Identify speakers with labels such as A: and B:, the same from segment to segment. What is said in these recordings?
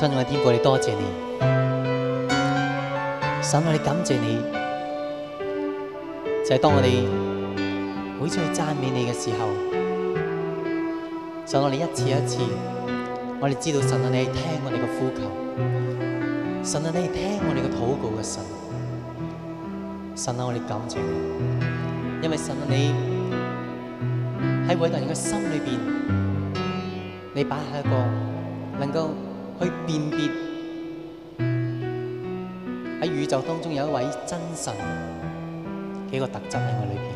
A: 親愛的天父，你多謝你，神我哋感謝你，就係、是、當我哋每次去讚美你嘅時候，神我哋一次一次，我哋知道神啊你係聽我哋嘅呼求，神啊你係聽我哋嘅禱告嘅神，神啊我哋感謝你，因為神啊你喺每個人嘅心裏邊，你擺下一個能夠。去辨別喺宇宙當中有一位真神幾個特質喺我裏邊。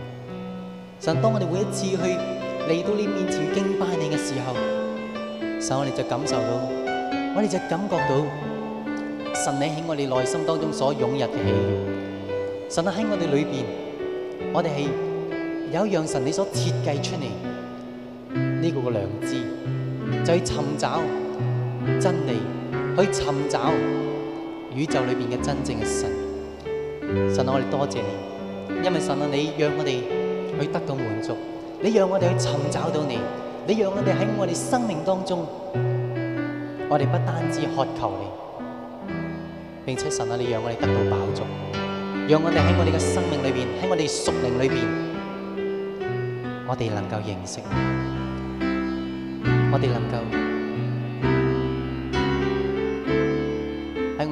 A: 神，當我哋每一次去嚟到你面前敬拜你嘅時候，神我哋就感受到，我哋就感覺到神你喺我哋內心當中所湧入嘅氣。神喺我哋裏邊，我哋係有一樣神你所設計出嚟呢、這個個良知，就去尋找。真理去尋找宇宙裏邊嘅真正嘅神，神啊我哋多謝，謝你，因為神啊你讓我哋去得到滿足，你讓我哋去尋找到你，你讓我哋喺我哋生命當中，我哋不單止渴求你，並且神啊你讓我哋得到飽足，讓我哋喺我哋嘅生命裏邊，喺我哋屬靈裏邊，我哋能夠認識，我哋能夠。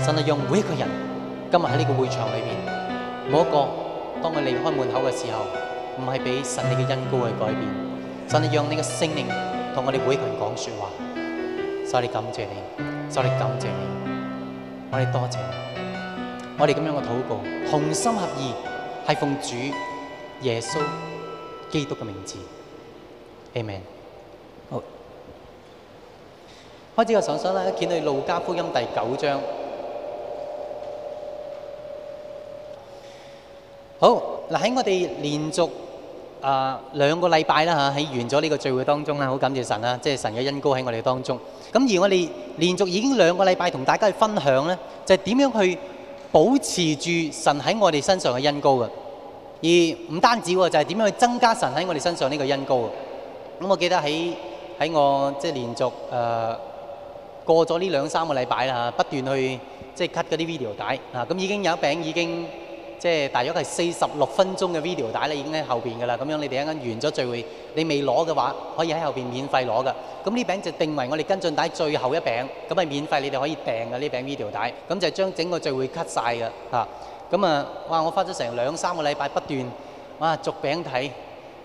A: 神啊，讓每一個人今日喺呢個會場裏邊，每一個當佢離開門口嘅時候，唔係俾神你嘅恩膏去改變。神啊，讓你嘅聖靈同我哋每一個人講說話。所以我哋感謝你，所以我哋感謝你，我哋多謝。我哋咁樣嘅禱告，同心合意，係奉主耶穌基督嘅名字。Amen。好，開始我上身咧，見到你路加福音第九章。好嗱，喺我哋連續啊兩個禮拜啦嚇，喺完咗呢個聚會當中啦，好感謝神啦，即係神嘅恩膏喺我哋當中。咁而我哋連續已經兩個禮拜同大家去分享咧，就係點樣去保持住神喺我哋身上嘅恩膏啊？而唔單止喎，就係點樣去增加神喺我哋身上呢個恩膏啊？咁我記得喺喺我即係連續誒過咗呢兩三個禮拜啦嚇，不斷去即係 cut 嗰啲 video 帶啊咁，已經有一餅已經。即係大約係四十六分鐘嘅 video 帶咧，已經喺後邊噶啦。咁樣你哋一陣完咗聚會，你未攞嘅話，可以喺後邊免費攞噶。咁呢餅就定為我哋跟進帶最後一餅，咁係免費你哋可以訂嘅呢餅 video 帶。咁就係將整個聚會 cut 晒嘅嚇。咁啊，哇！我花咗成兩三個禮拜不斷，哇！逐餅睇，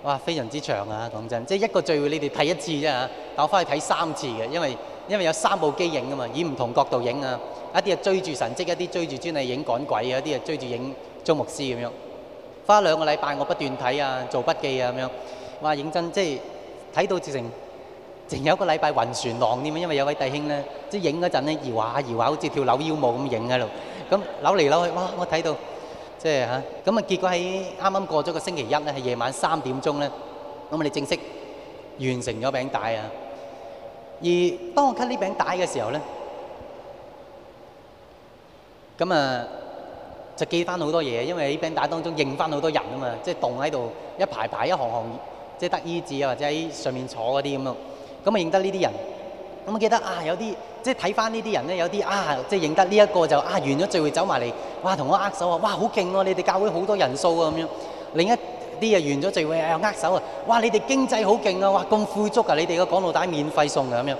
A: 哇！非常之長啊，講真。即係一個聚會你哋睇一次啫嚇、啊，但我翻去睇三次嘅，因為因為有三部機影噶嘛，以唔同角度影啊，一啲係追住神蹟，一啲追住專係影趕鬼啊，一啲係追住影。做牧師咁樣，花兩個禮拜，我不斷睇啊，做筆記啊咁樣。哇！認真即係睇到，直情淨有一個禮拜雲船浪啲咩，因為有位弟兄咧，即係影嗰陣咧搖下搖下，好似跳扭腰舞咁影喺度。咁扭嚟扭去，哇！我睇到即係嚇。咁啊，結果喺啱啱過咗個星期一咧，喺夜晚三點鐘咧，咁我哋正式完成咗餅帶啊。而當我 cut 呢餅帶嘅時候咧，咁啊～就記翻好多嘢，因為喺冰帶當中認翻好多人啊嘛，即係凍喺度一排排一行行，即係得醫治啊，或者喺上面坐嗰啲咁咯。咁啊認得呢啲人，咁記得啊有啲即係睇翻呢啲人咧，有啲啊即係認得呢、這、一個就啊完咗聚會走埋嚟，哇同我握手，哇很、啊很啊哎、握手啊，哇好勁咯！你哋教會好多人數啊咁樣。另一啲啊完咗聚會又握手啊，哇你哋經濟好勁啊，哇咁富足啊！你哋嘅廣告帶免費送啊咁樣。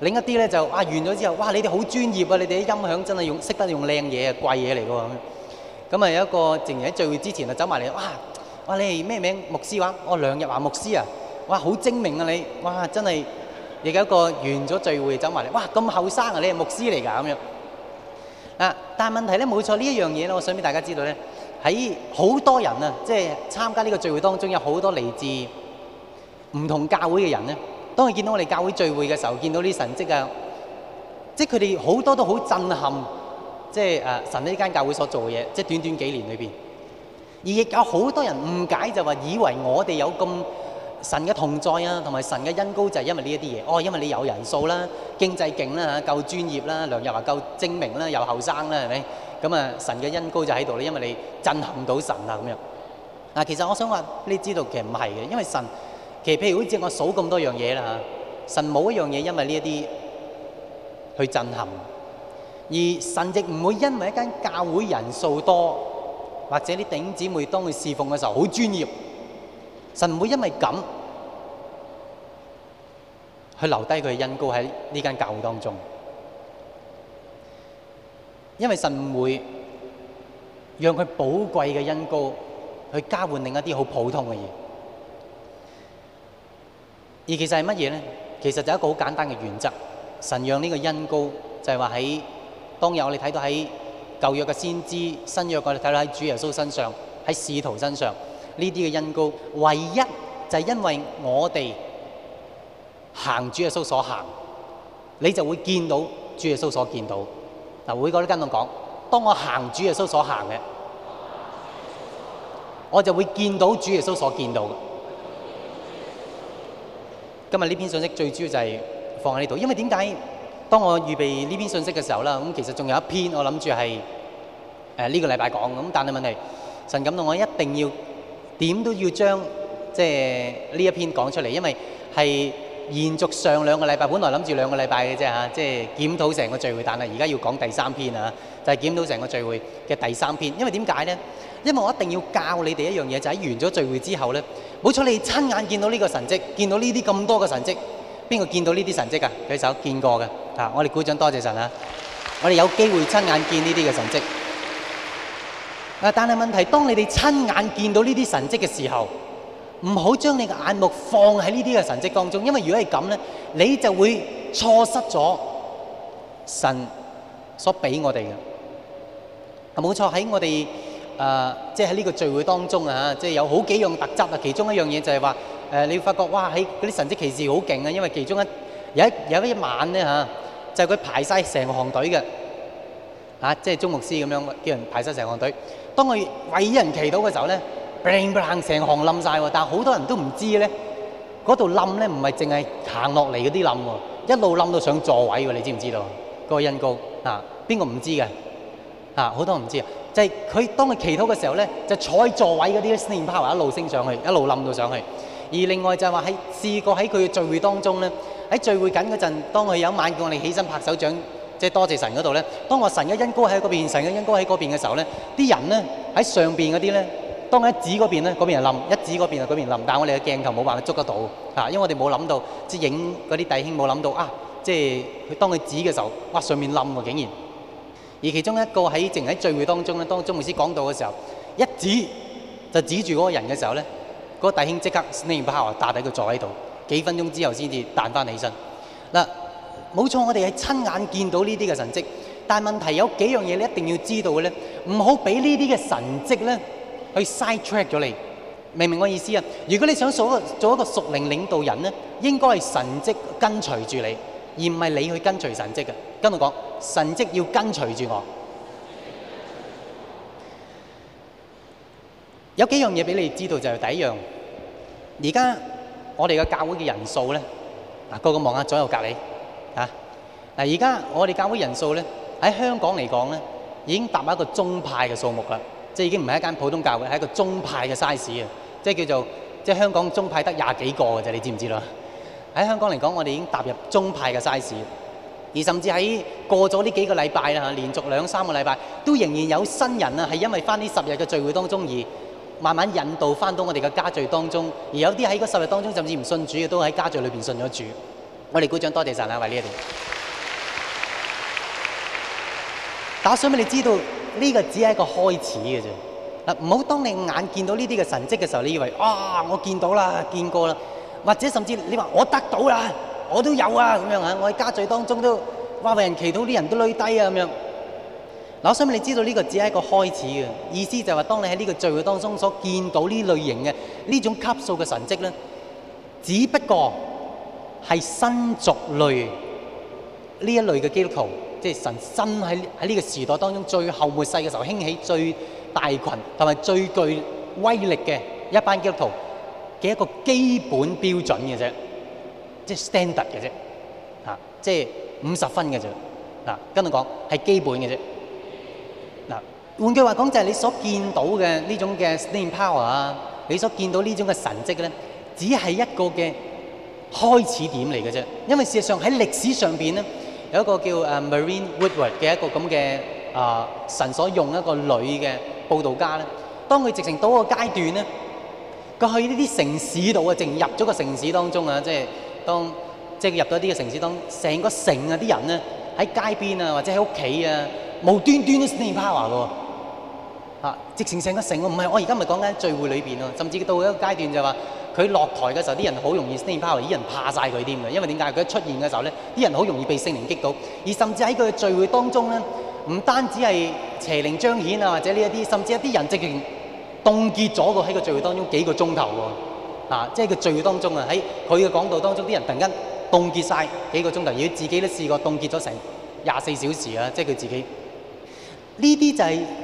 A: 另一啲咧就啊，完咗之後，哇你哋好專業啊！你哋啲音響真係用識得用靚嘢啊，貴嘢嚟㗎喎。咁啊，有一個靜夜喺聚會之前啊，走埋嚟，哇！哇，你係咩名牧師話、啊？我梁日華牧師啊，哇，好精明啊你，哇，真係！亦有一個完咗聚會走埋嚟，哇，咁後生啊，你係牧師嚟㗎咁樣啊！但係問題咧，冇錯呢一樣嘢咧，我想俾大家知道咧，喺好多人啊，即係參加呢個聚會當中有好多嚟自唔同教會嘅人咧。當佢見到我哋教會聚會嘅時候，見到啲神跡啊，即係佢哋好多都好震撼。即係誒神呢間教會所做嘅嘢，即係短短幾年裏邊，而亦有好多人誤解就話以為我哋有咁神嘅同在啊，同埋神嘅恩膏就係因為呢一啲嘢。哦，因為你有人數啦，經濟勁啦嚇，夠專業啦，又話夠精明啦，又後生啦，係咪？咁啊，神嘅恩膏就喺度咧，因為你震撼到神啊咁樣。嗱，其實我想話，你知道其實唔係嘅，因為神其實譬如好似我數咁多樣嘢啦嚇，神冇一樣嘢因為呢一啲去震撼。而神亦唔會因為一間教會人數多，或者啲頂姊妹當佢侍奉嘅時候好專業，神唔會因為咁去留低佢嘅恩膏喺呢間教會當中。因為神唔會讓佢寶貴嘅恩膏去交換另一啲好普通嘅嘢。而其實係乜嘢咧？其實就係一個好簡單嘅原則，神讓呢個恩膏就係話喺。當日我哋睇到喺舊約嘅先知，新約我哋睇到喺主耶穌身上，喺使徒身上，呢啲嘅恩膏，唯一就係因為我哋行主耶穌所行，你就會見到主耶穌所見到。嗱，每個都跟我講，當我行主耶穌所行嘅，我就會見到主耶穌所見到。今日呢篇信息最主要就係放喺呢度，因為點解？當我預備呢篇信息嘅時候啦，咁其實仲有一篇我諗住係誒呢個禮拜講，咁但係問題是神感動我一定要點都要將即係呢一篇講出嚟，因為係延續上兩個禮拜，本來諗住兩個禮拜嘅啫嚇，即係檢討成個聚會，但係而家要講第三篇啊，就係檢討成個聚會嘅第三篇，因為點解呢？因為我一定要教你哋一樣嘢，就係完咗聚會之後呢，冇錯，你親眼見到呢個神跡，見到呢啲咁多嘅神跡。邊個見到呢啲神蹟噶？舉手見過噶。啊，我哋鼓掌多謝神啊！我哋有機會親眼見呢啲嘅神蹟。啊，但係問題，當你哋親眼見到呢啲神蹟嘅時候，唔好將你嘅眼目放喺呢啲嘅神蹟當中，因為如果係咁咧，你就會錯失咗神所俾我哋嘅。冇錯，喺我哋誒，即係喺呢個聚會當中啊，即係有好幾樣特質啊，其中一樣嘢就係話。誒，你會發覺哇，喺嗰啲神蹟奇事好勁啊！因為其中一有一有一晚咧嚇、啊，就佢、是、排晒成行隊嘅嚇，即係鍾牧師咁樣叫人排晒成行隊。當佢為人祈禱嘅時候咧，砰！爛成行冧晒喎。但係好多人都唔知咧，嗰度冧咧唔係淨係行落嚟嗰啲冧喎，一路冧到上座位喎。你知唔知道？嗰、嗰個恩膏啊，邊個唔知嘅啊？好多人唔知啊！就係、是、佢當佢祈禱嘅時候咧，就坐喺座位嗰啲升泡一路升上去，一路冧到上去。而另外就係話喺試過喺佢嘅聚會當中咧，喺聚會緊嗰陣，當佢有晚叫我哋起身拍手掌，即係多謝神嗰度咧。當我神嘅恩歌喺嗰邊，神嘅恩歌喺嗰邊嘅時候咧，啲人咧喺上邊嗰啲咧，當佢一指嗰邊咧，嗰邊就冧；一指嗰邊就嗰邊冧。但係我哋嘅鏡頭冇辦法捉得到嚇，因為我哋冇諗到即係影嗰啲弟兄冇諗到啊！即係佢當佢指嘅時候，哇！上面冧喎，竟然。而其中一個喺淨係喺聚會當中咧，當張牧師講到嘅時候，一指就指住嗰個人嘅時候咧。嗰、那個弟兄即刻 s n a 拎把炮打喺佢坐喺度，幾分鐘之後先至彈翻起身。嗱，冇錯，我哋係親眼見到呢啲嘅神跡。但係問題有幾樣嘢你一定要知道嘅咧，唔好俾呢啲嘅神跡咧去 side track 咗你。明唔明我意思啊？如果你想做一個做一個屬靈領導人咧，應該係神跡跟隨住你，而唔係你去跟隨神跡嘅。跟我講，神跡要跟隨住我。有幾樣嘢俾你知道，就係第一樣。而家我哋嘅教會嘅人數咧，嗱，個個望下左右隔離嚇嗱。而、啊、家我哋教會人數咧，喺香港嚟講咧，已經踏入一個宗派嘅數目啦，即係已經唔係一間普通教會，係一個宗派嘅 size 啊，即係叫做即係香港宗派得廿幾個嘅啫，你知唔知啦？喺香港嚟講，我哋已經踏入宗派嘅 size，而甚至喺過咗呢幾個禮拜啦嚇，連續兩三個禮拜都仍然有新人啊，係因為翻呢十日嘅聚會當中而。慢慢引導翻到我哋嘅家聚當中，而有啲喺嗰十日當中，甚至唔信主嘅都喺家聚裏邊信咗主。我哋鼓掌多謝晒啊！為呢一點。但我想俾你知道，呢個只係一個開始嘅啫。嗱，唔好當你眼見到呢啲嘅神跡嘅時候，你以為啊，我見到啦，見過啦，或者甚至你話我得到啦，我都有啊，咁樣啊，我喺家聚當中都為人祈禱，啲人都累低啊，咁樣。我想你知道呢個只係一個開始嘅意思，就係話當你喺呢個聚會當中所見到呢類型嘅呢種級數嘅神跡咧，只不過係新族類呢一類嘅基督徒，即係神真喺喺呢個時代當中最後末世嘅時候興起最大群同埋最具威力嘅一班基督徒嘅一個基本標準嘅啫，即係 standard 嘅啫，啊，即係五十分嘅啫。嗱，跟佢講係基本嘅啫。換句話講，就係、是、你所見到嘅呢種嘅 s i 神 power 啊，你所見到呢種嘅神跡咧，只係一個嘅開始點嚟嘅啫。因為事實上喺歷史上邊咧，有一個叫誒 Marine Woodward 嘅一個咁嘅啊神所用的一個女嘅報道家咧。當佢直情到一個階段咧，佢去呢啲城市度啊，淨入咗個城市當中啊，即係當即係入咗啲嘅城市當中，成個城啊啲人咧喺街邊啊或者喺屋企啊，無端端都神 power 喎。啊！直情成個城喎，我唔係我而家咪講緊聚會裏邊咯，甚至到一個階段就係話，佢落台嘅時候啲人好容易，雖然話啲人怕晒佢啲咁嘅，因為點解？佢一出現嘅時候咧，啲人好容易被聖靈擊到，而甚至喺佢嘅聚會當中咧，唔單止係邪靈彰顯啊，或者呢一啲，甚至一啲人直情凍結咗個喺個聚會當中幾個鐘頭喎。啊，即係個聚會當中啊，喺佢嘅講道當中，啲人突然間凍結晒幾個鐘頭，而佢自己都試過凍結咗成廿四小時啊！即係佢自己，呢啲就係、是。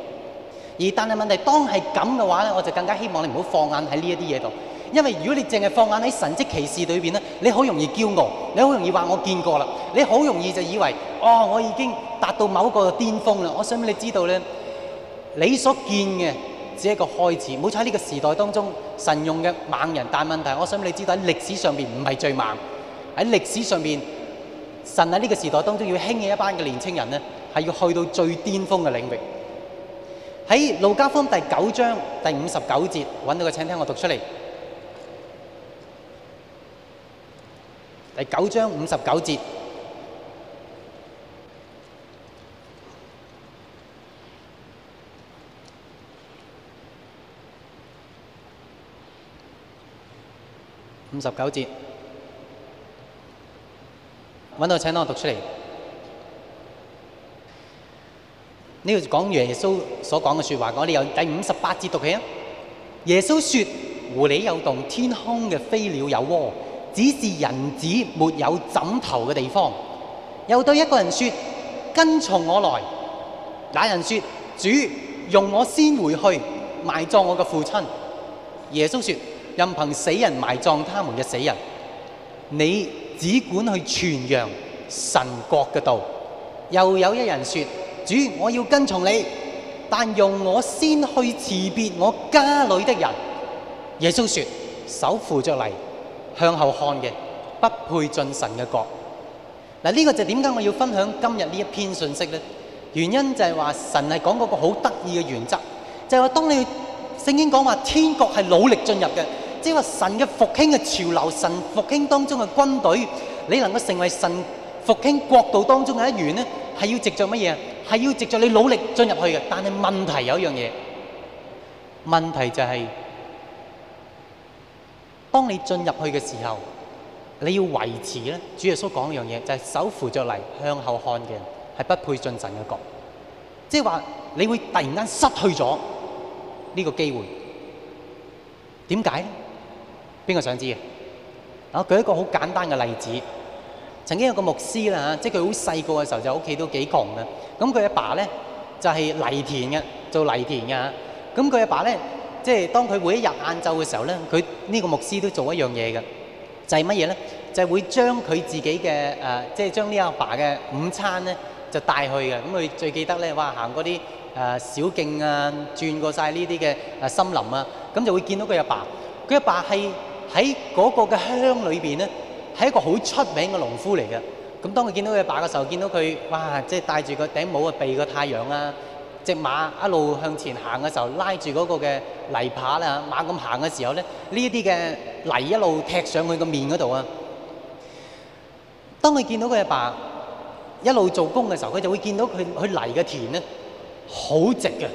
A: 而但係問題，當係咁嘅話咧，我就更加希望你唔好放眼喺呢一啲嘢度，因為如果你淨係放眼喺神蹟奇事裏邊咧，你好容易驕傲，你好容易話我見過啦，你好容易就以為哦，我已經達到某一個巔峯啦。我想俾你知道咧，你所見嘅只係一個開始。冇錯喺呢個時代當中，神用嘅猛人，但問題，我想俾你知道喺歷史上邊唔係最猛。喺歷史上邊，神喺呢個時代當中要興起一班嘅年青人咧，係要去到最巔峰嘅領域。喺路加福音第九章第五十九節揾到個請聽我讀出嚟。第九章五十九節，五十九節揾到請聽我讀出嚟。呢度講耶穌所講嘅說話，我哋有第五十八節讀起。啊。耶穌說：狐狸有洞，天空嘅飛鳥有窩，只是人子沒有枕頭嘅地方。又對一個人說：跟從我來。那人說：主，容我先回去埋葬我嘅父親。耶穌說：任憑死人埋葬他們嘅死人，你只管去傳揚神國嘅道。又有一人說。主，我要跟從你，但容我先去辭別我家裏的人。耶穌說：手扶着犁，向後看嘅，不配進神嘅國。嗱，呢個就點解我要分享今日呢一篇信息咧？原因就係話神係講嗰個好得意嘅原則，就係話，當你聖經講話天國係努力進入嘅，即係話神嘅復興嘅潮流，神復興當中嘅軍隊，你能夠成為神復興國度當中嘅一員咧，係要藉著乜嘢？係要藉着你努力進入去嘅，但係問題有一樣嘢，問題就係、是、當你進入去嘅時候，你要維持呢。主耶穌講一樣嘢，就係、是、手扶着嚟向後看嘅，係不配進神嘅國。即係話，你會突然間失去咗呢個機會。點解咧？邊個想知道？我舉一個好簡單嘅例子。曾經有個牧師啦嚇，即係佢好細個嘅時候就屋企都幾窮嘅，咁佢阿爸咧就係犁田嘅，做犁田嘅。咁佢阿爸咧，即係當佢每一日晏晝嘅時候咧，佢呢個牧師都做一樣嘢嘅，就係乜嘢咧？就係會將佢自己嘅誒，即係將呢阿爸嘅午餐咧就帶去嘅。咁佢最記得咧，哇行嗰啲誒小徑啊，轉過晒呢啲嘅誒森林啊，咁就會見到佢阿爸。佢阿爸係喺嗰個嘅鄉裏邊咧。係一個好出名嘅農夫嚟嘅。咁當佢見到佢阿爸嘅時候，見到佢哇，即係戴住個頂帽啊，避個太陽啊，隻馬一路向前行嘅時候，拉住嗰個嘅泥耙啦，馬咁行嘅時候咧，呢一啲嘅泥一路踢上佢個面嗰度啊。當佢見到佢阿爸一路做工嘅時候，佢就會見到佢佢泥嘅田咧好直嘅，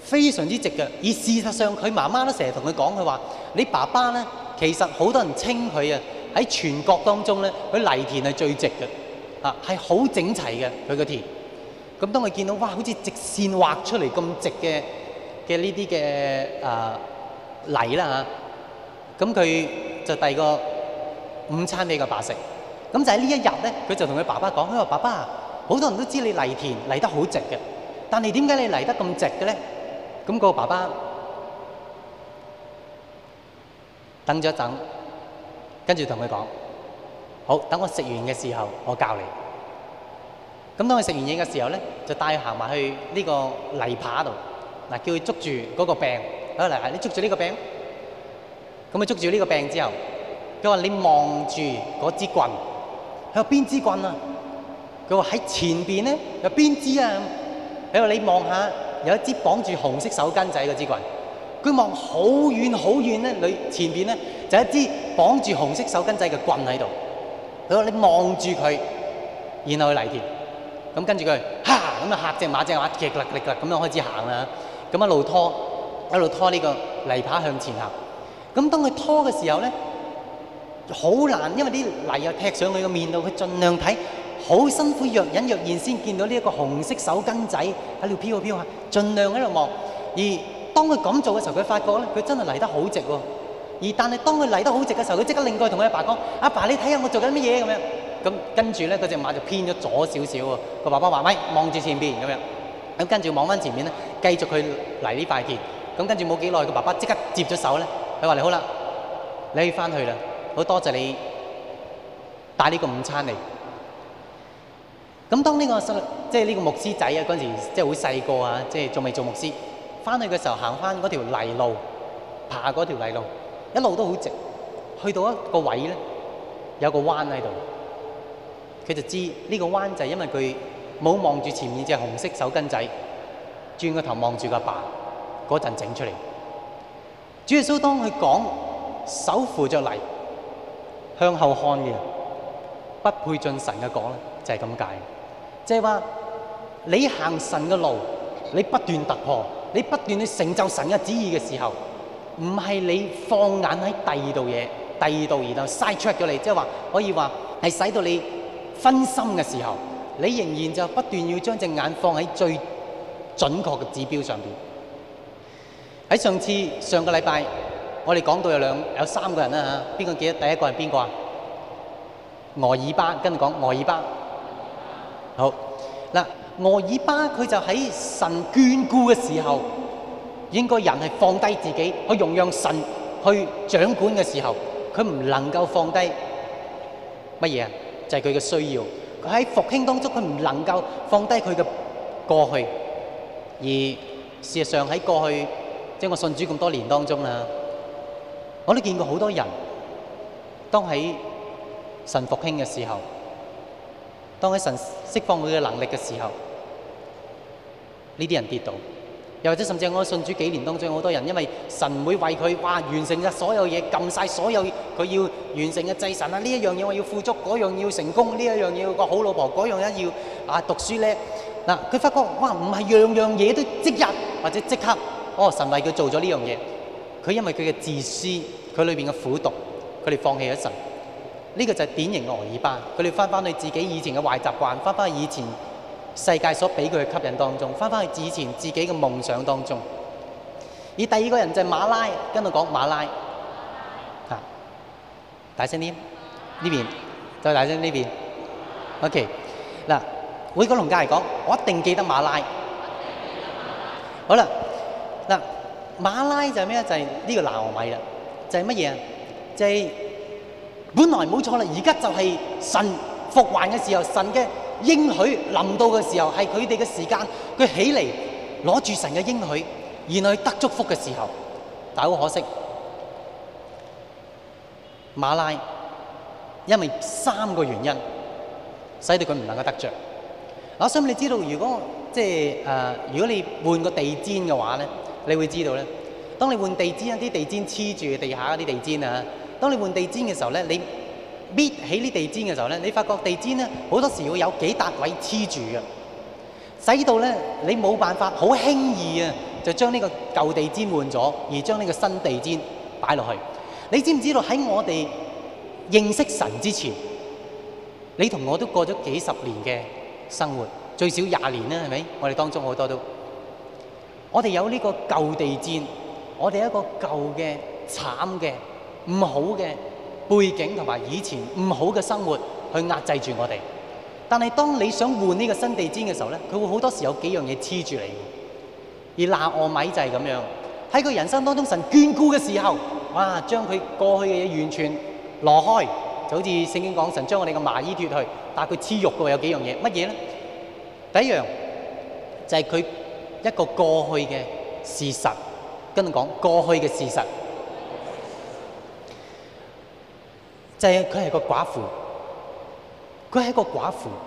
A: 非常之直嘅。而事實上，佢媽媽都成日同佢講，佢話你爸爸咧其實好多人稱佢啊。喺全國當中咧，佢犁田係最直嘅，啊係好整齊嘅佢個田。咁當佢見到哇，好似直線畫出嚟咁直嘅嘅呢啲嘅啊犁啦嚇。咁佢、呃、就遞個午餐俾個爸食。咁就喺呢一日咧，佢就同佢爸爸講，佢話爸爸，好多人都知你犁田犁得好直嘅，但係點解你犁得咁直嘅咧？咁個爸爸等咗一陣。跟住同佢講，好，等我食完嘅時候，我教你。咁當佢食完嘢嘅時候咧，就帶佢行埋去呢個泥耙度，嗱，叫佢捉住嗰個病，喺度嚟，你捉住呢個病。咁佢捉住呢個病之後，佢話你望住嗰支棍，佢話邊支棍啊？佢話喺前面咧有邊支啊？喺度你望下，有一支綁住紅色手巾仔嗰支棍，佢望好遠好遠咧，你前面咧。就一支綁住紅色手巾仔嘅棍喺度，佢話：你望住佢，然後去犁田。咁跟住佢，嚇咁啊嚇！隻馬隻馬，嘰哩力哩咁樣開始行啦。咁一路拖，一路拖呢個泥耙向前行。咁當佢拖嘅時候咧，好難，因為啲泥又踢上佢個面度。佢盡量睇，好辛苦，若隱若現先見到呢一個紅色手巾仔喺度飄下飄下，盡量喺度望。而當佢咁做嘅時候，佢發覺咧，佢真係犁得好直喎。而但係當佢嚟得好直嘅時候，佢即刻擰過去同佢阿爸講：阿爸，爸，你睇下我做緊乜嘢咁樣？咁跟住咧，嗰隻馬就偏咗左少少喎。個爸爸話：咪望住前邊咁樣。咁跟住望翻前面咧，繼續佢嚟呢塊田。咁跟住冇幾耐，個爸爸即刻接咗手咧。佢話：你好啦，你翻去啦。好多謝你帶呢個午餐嚟。咁當呢、呢個即係呢個牧師仔啊，嗰陣時即係好細個啊，即係仲未做牧師。翻去嘅時候行翻嗰條泥路，爬嗰條泥路。一路都好直，去到一個位咧，有個彎喺度，佢就知呢個彎就係因為佢冇望住前面隻紅色手巾仔，轉個頭望住個爸嗰陣整出嚟。主耶穌當佢講手扶着犁向後看嘅人，不配進神嘅國咧，就係咁解。即係話你行神嘅路，你不斷突破，你不斷去成就神嘅旨意嘅時候。唔係你放眼喺第二度嘢，第二度然後 side track 咗你，即係話可以話係使到你分心嘅時候，你仍然就不斷要將隻眼放喺最準確嘅指標上邊。喺上次上個禮拜，我哋講到有兩有三個人啦、啊、嚇，邊個記得第一個係邊個啊？俄、呃、爾巴跟住講俄爾巴，好嗱，俄、呃呃呃、爾巴佢就喺神眷顧嘅時候。應該人係放低自己，去容讓神去掌管嘅時候，佢唔能夠放低乜嘢啊？就係佢嘅需要。佢喺復興當中，佢唔能夠放低佢嘅過去。而事實上喺過去，即係我信主咁多年當中啦，我都見過好多人，當喺神復興嘅時候，當喺神釋放佢嘅能力嘅時候，呢啲人跌倒。又或者甚至我信主幾年當中，好多人因為神會為佢哇完成嘅所有嘢，撳晒所有佢要完成嘅祭神啊，呢一樣嘢我要富足，嗰樣要成功，呢一樣嘢要個好老婆，嗰樣咧要啊讀書叻。嗱、啊，佢發覺哇，唔係樣樣嘢都即日或者即刻，哦神為佢做咗呢樣嘢，佢因為佢嘅自私，佢裏邊嘅苦毒，佢哋放棄咗神。呢、這個就係典型嘅俄珥巴。佢哋翻翻去自己以前嘅壞習慣，翻翻以前。世界所俾佢嘅吸引當中，翻翻去以前自己嘅夢想當中。而第二個人就係馬拉，跟度講馬拉。嚇！大聲啲，呢邊再大聲呢邊。OK。嗱，我依家同家嚟講，我一定記得馬拉。好啦，嗱，馬拉就係咩？就係呢個拿俄米啦。就係乜嘢？就係本來冇錯啦。而家就係神復還嘅時候，神嘅應許臨到嘅時候，係佢哋嘅時間，佢起嚟攞住神嘅應許，然後去得祝福嘅時候，但好可惜，馬拉因為三個原因，使到佢唔能夠得着。我想你知道，如果即係誒、呃，如果你換個地氈嘅話咧，你會知道咧。當你換地氈，啲地氈黐住地下嗰啲地氈啊。當你換地氈嘅時候咧，你。搣起呢地氈嘅時候咧，你發覺地氈咧好多時會有幾笪位黐住嘅，使到咧你冇辦法好輕易啊就將呢個舊地氈換咗，而將呢個新地氈擺落去。你知唔知道喺我哋認識神之前，你同我都過咗幾十年嘅生活，最少廿年啦，係咪？我哋當中好多都，我哋有呢個舊地氈，我哋一個舊嘅、慘嘅、唔好嘅背景同埋以前唔好嘅生活，去壓制住我哋。但係當你想換呢個新地氈嘅時候咧，佢會好多時有幾樣嘢黐住你，而拿俄米就係咁樣，喺佢人生當中，神眷顧嘅時候，哇！將佢過去嘅嘢完全挪開，就好似聖經講神將我哋嘅麻衣脫去，但係佢黐肉過有幾樣嘢，乜嘢咧？第一樣，就係、是、佢一個過去嘅事實，跟住講過去嘅事實。就係佢係個寡婦，佢係個寡婦，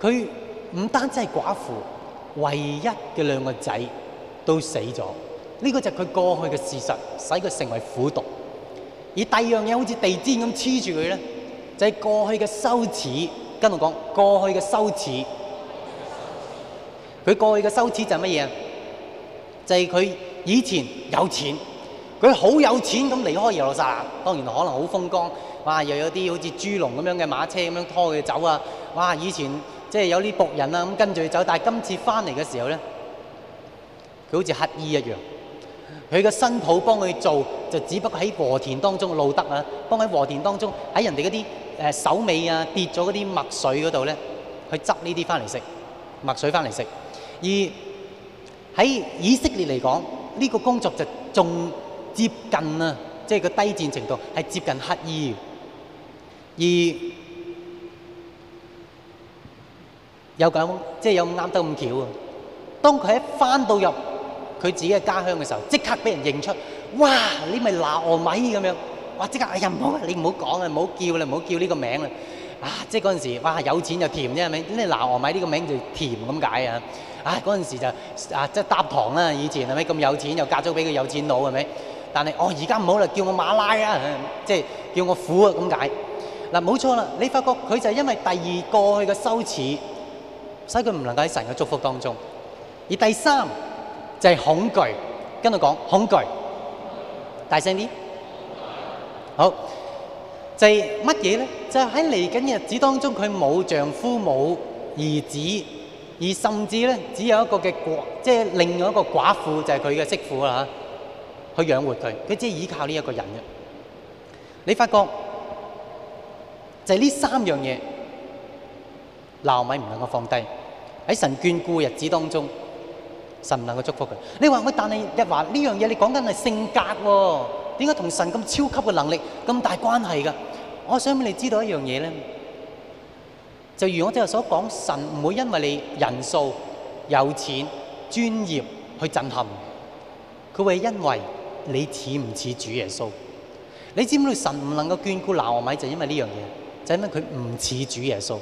A: 佢唔單止係寡婦，唯一嘅兩個仔都死咗。呢個就係佢過去嘅事實，使佢成為苦毒。而第二樣嘢好似地氈咁黐住佢咧，就係過去嘅羞恥。跟我講，過去嘅羞恥，佢過去嘅羞恥就係乜嘢？就係佢以前有錢。佢好有錢咁離開耶路撒冷，當然可能好風光。哇，又有啲好似豬籠咁樣嘅馬車咁樣拖佢走啊！哇，以前即係有啲僕人啊，咁跟住佢走，但係今次翻嚟嘅時候咧，佢好似乞衣一樣。佢嘅新抱幫佢做，就只不過喺禾田當中路得啊，幫喺禾田當中喺人哋嗰啲誒手尾啊跌咗嗰啲麥穗嗰度咧，去執呢啲翻嚟食，麥穗翻嚟食。而喺以色列嚟講，呢個工作就仲～接近啊，即係個低賤程度係接近乞兒，而有咁即係有咁啱得咁巧啊！當佢一返到入佢自己嘅家鄉嘅時候，即刻俾人認出，哇！你咪拿俄米咁樣，哇！即刻哎呀唔好，你唔好講啊，唔好叫啦，唔好叫呢個名啦啊！即係嗰陣時，哇！有錢就甜啫係咪？你拿俄米呢個名就甜咁解啊！啊嗰陣時就啊即係搭糖啊。以前係咪咁有錢又嫁咗俾佢有錢佬係咪？是但係哦，而家唔好啦，叫我馬拉啊，即係叫我苦啊，咁解嗱，冇錯啦，你發覺佢就係因為第二過去嘅羞恥，所以佢唔能夠喺神嘅祝福當中。而第三就係恐懼，跟住講恐懼，大聲啲，好就係乜嘢咧？就喺嚟緊日子當中，佢冇丈夫，冇兒子，而甚至咧只有一個嘅寡，即係另外一個寡婦就係佢嘅媳婦啦。啊去養活佢，佢只係依靠呢一個人。你發覺就係，是，呢三樣嘢，鬧米唔能夠放低。喺神眷顧嘅日子當中，神能夠祝福佢。你話我，但係日華呢樣嘢，你講緊係性格喎，哦？點解同神咁超級嘅能力咁大關係㗎？我想俾你知道一樣嘢呢：就如我今日所講，神唔會因為你人數、有錢、專業去震撼，佢會因為。你似唔似主耶穌？你知唔知神唔能夠眷顧拿俄米就是，因為呢樣嘢，就是，因為佢唔似主耶穌。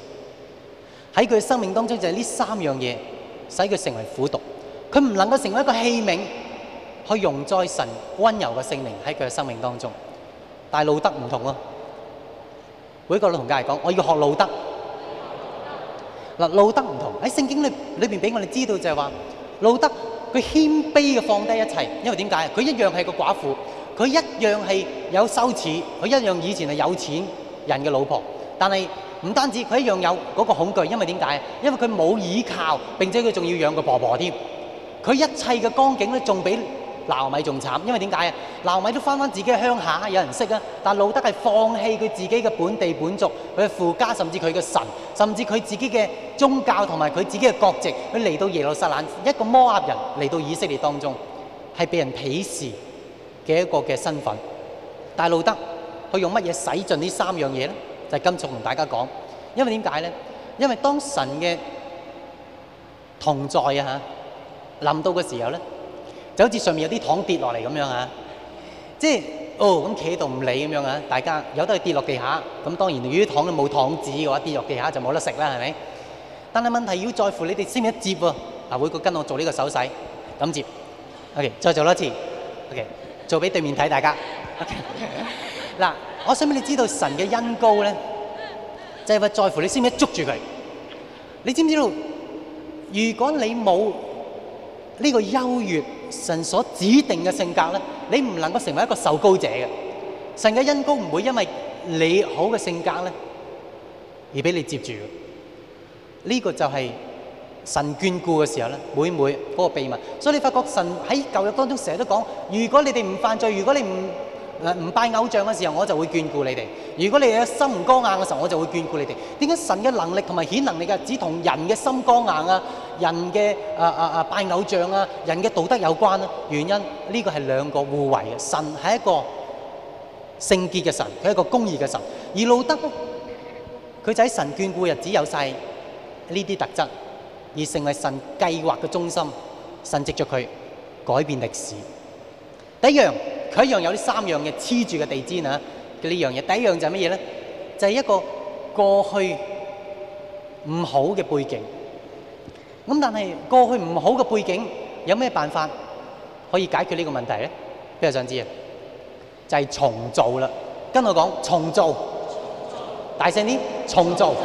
A: 喺佢嘅生命當中就係、是，呢三樣嘢，使佢成為苦毒，佢唔能夠成為一個器皿去容載神温柔嘅聖靈喺佢嘅生命當中。但係路德唔同咯、啊，每一個老同家嚟講，我要學路德。嗱，路德唔同喺聖經裏裏邊俾我哋知道就係話路德。佢謙卑嘅放低一切，因為點解？佢一樣係個寡婦，佢一樣係有羞恥，佢一樣以前係有錢人嘅老婆，但係唔單止，佢一樣有嗰個恐懼，因為點解？因為佢冇依靠，並且佢仲要養個婆婆添，佢一切嘅光景咧，仲比鬧米仲慘，因為點解啊？鬧米都翻返自己嘅鄉下，有人識啊！但路德係放棄佢自己嘅本地本族，佢嘅父家，甚至佢嘅神，甚至佢自己嘅宗教同埋佢自己嘅國籍，佢嚟到耶路撒冷，一個摩押人嚟到以色列當中，係被人鄙視嘅一個嘅身份。但係路德，佢用乜嘢洗盡呢三樣嘢咧？就係、是、今次同大家講，因為點解咧？因為當神嘅同在啊嚇，臨到嘅時候咧。就好似上面有啲糖跌落嚟咁樣啊，即係哦，咁企喺度唔理咁樣啊，大家有都係跌落地下，咁當然如果啲糖都冇糖紙嘅話，跌落地下就冇得食啦，係咪？但係問題要在乎你哋識唔識接喎？啊，每個跟我做呢個手勢，咁接？OK，再做多次。OK，做俾對面睇大家。OK，嗱， 我想俾你知道神嘅恩高咧，就係、是、在乎你識唔識捉住佢。你知唔知道？如果你冇，呢個優越神所指定嘅性格咧，你唔能夠成為一個受膏者嘅。神嘅恩膏唔會因為你好嘅性格咧而俾你接住。呢個就係神眷顧嘅時候咧，每每嗰個秘密。所以你發覺神喺舊約當中成日都講，如果你哋唔犯罪，如果你唔唔拜偶像嘅時候，我就會眷顧你哋；如果你哋嘅心唔剛硬嘅時候，我就會眷顧你哋。點解神嘅能力同埋顯能力嘅，只同人嘅心剛硬啊、人嘅啊啊啊拜偶像啊、人嘅道德有關啊？原因呢個係兩個互為嘅。神係一個聖潔嘅神，佢係一個公義嘅神。而路德咧，佢就喺神眷顧嘅日子有曬呢啲特質，而成為神計劃嘅中心，神藉著佢改變歷史。第一樣，佢一樣有呢三樣嘢黐住嘅地氈啊，嗰啲樣嘢。第一樣就係乜嘢咧？就係一個過去唔好嘅背景。咁但係過去唔好嘅背景，有咩辦法可以解決呢個問題咧？邊個想知啊？就係重做啦。跟我講，重做。大聲啲，重做。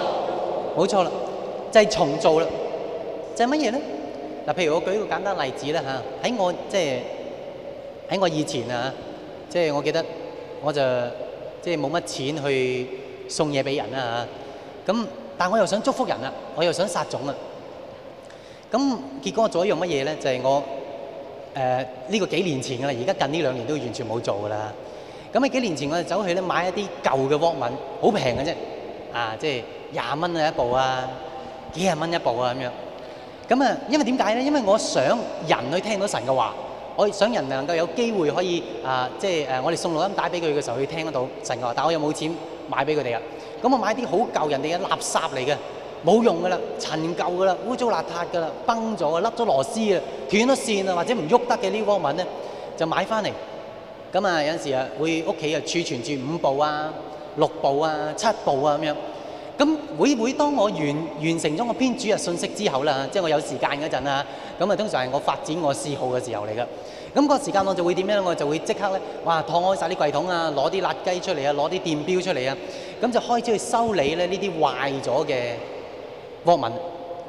A: 冇錯啦，就係重做啦。就係乜嘢咧？嗱，譬如我舉一個簡單例子啦嚇，喺我即係。就是喺我以前啊，即、就、係、是、我記得，我就即係冇乜錢去送嘢俾人啊。咁，但我又想祝福人啊，我又想撒種啊。咁結果我做一樣乜嘢咧？就係、是、我誒呢、呃這個幾年前噶啦，而家近呢兩年都完全冇做噶啦。咁喺幾年前，我就走去咧買一啲舊嘅 Walkman，好平嘅啫，啊，即係廿蚊啊一部啊，幾廿蚊一部啊咁樣。咁啊，因為點解咧？因為我想人去聽到神嘅話。我想人能夠有機會可以啊、呃，即係誒、呃，我哋送錄音帶俾佢嘅時候，佢聽得到，神嘅。但我又冇錢買俾佢哋啊。咁我買啲好舊人哋嘅垃圾嚟嘅，冇用㗎啦，陳舊㗎啦，污糟邋遢㗎啦，崩咗啊，甩咗螺絲啊，斷咗線啊，或者唔喐得嘅呢幫文咧，就買翻嚟。咁啊，有陣時啊，會屋企啊儲存住五部啊、六部啊、七部啊咁樣。咁會唔會當我完完成咗我編主日信息之後啦，即係我有時間嗰陣啊，咁啊通常係我發展我嗜好嘅時候嚟㗎。咁個時間我就會點樣？我就會即刻咧，哇！燙開晒啲櫃桶啊，攞啲辣雞出嚟啊，攞啲電錶出嚟啊，咁就開始去修理咧呢啲壞咗嘅鍋紋。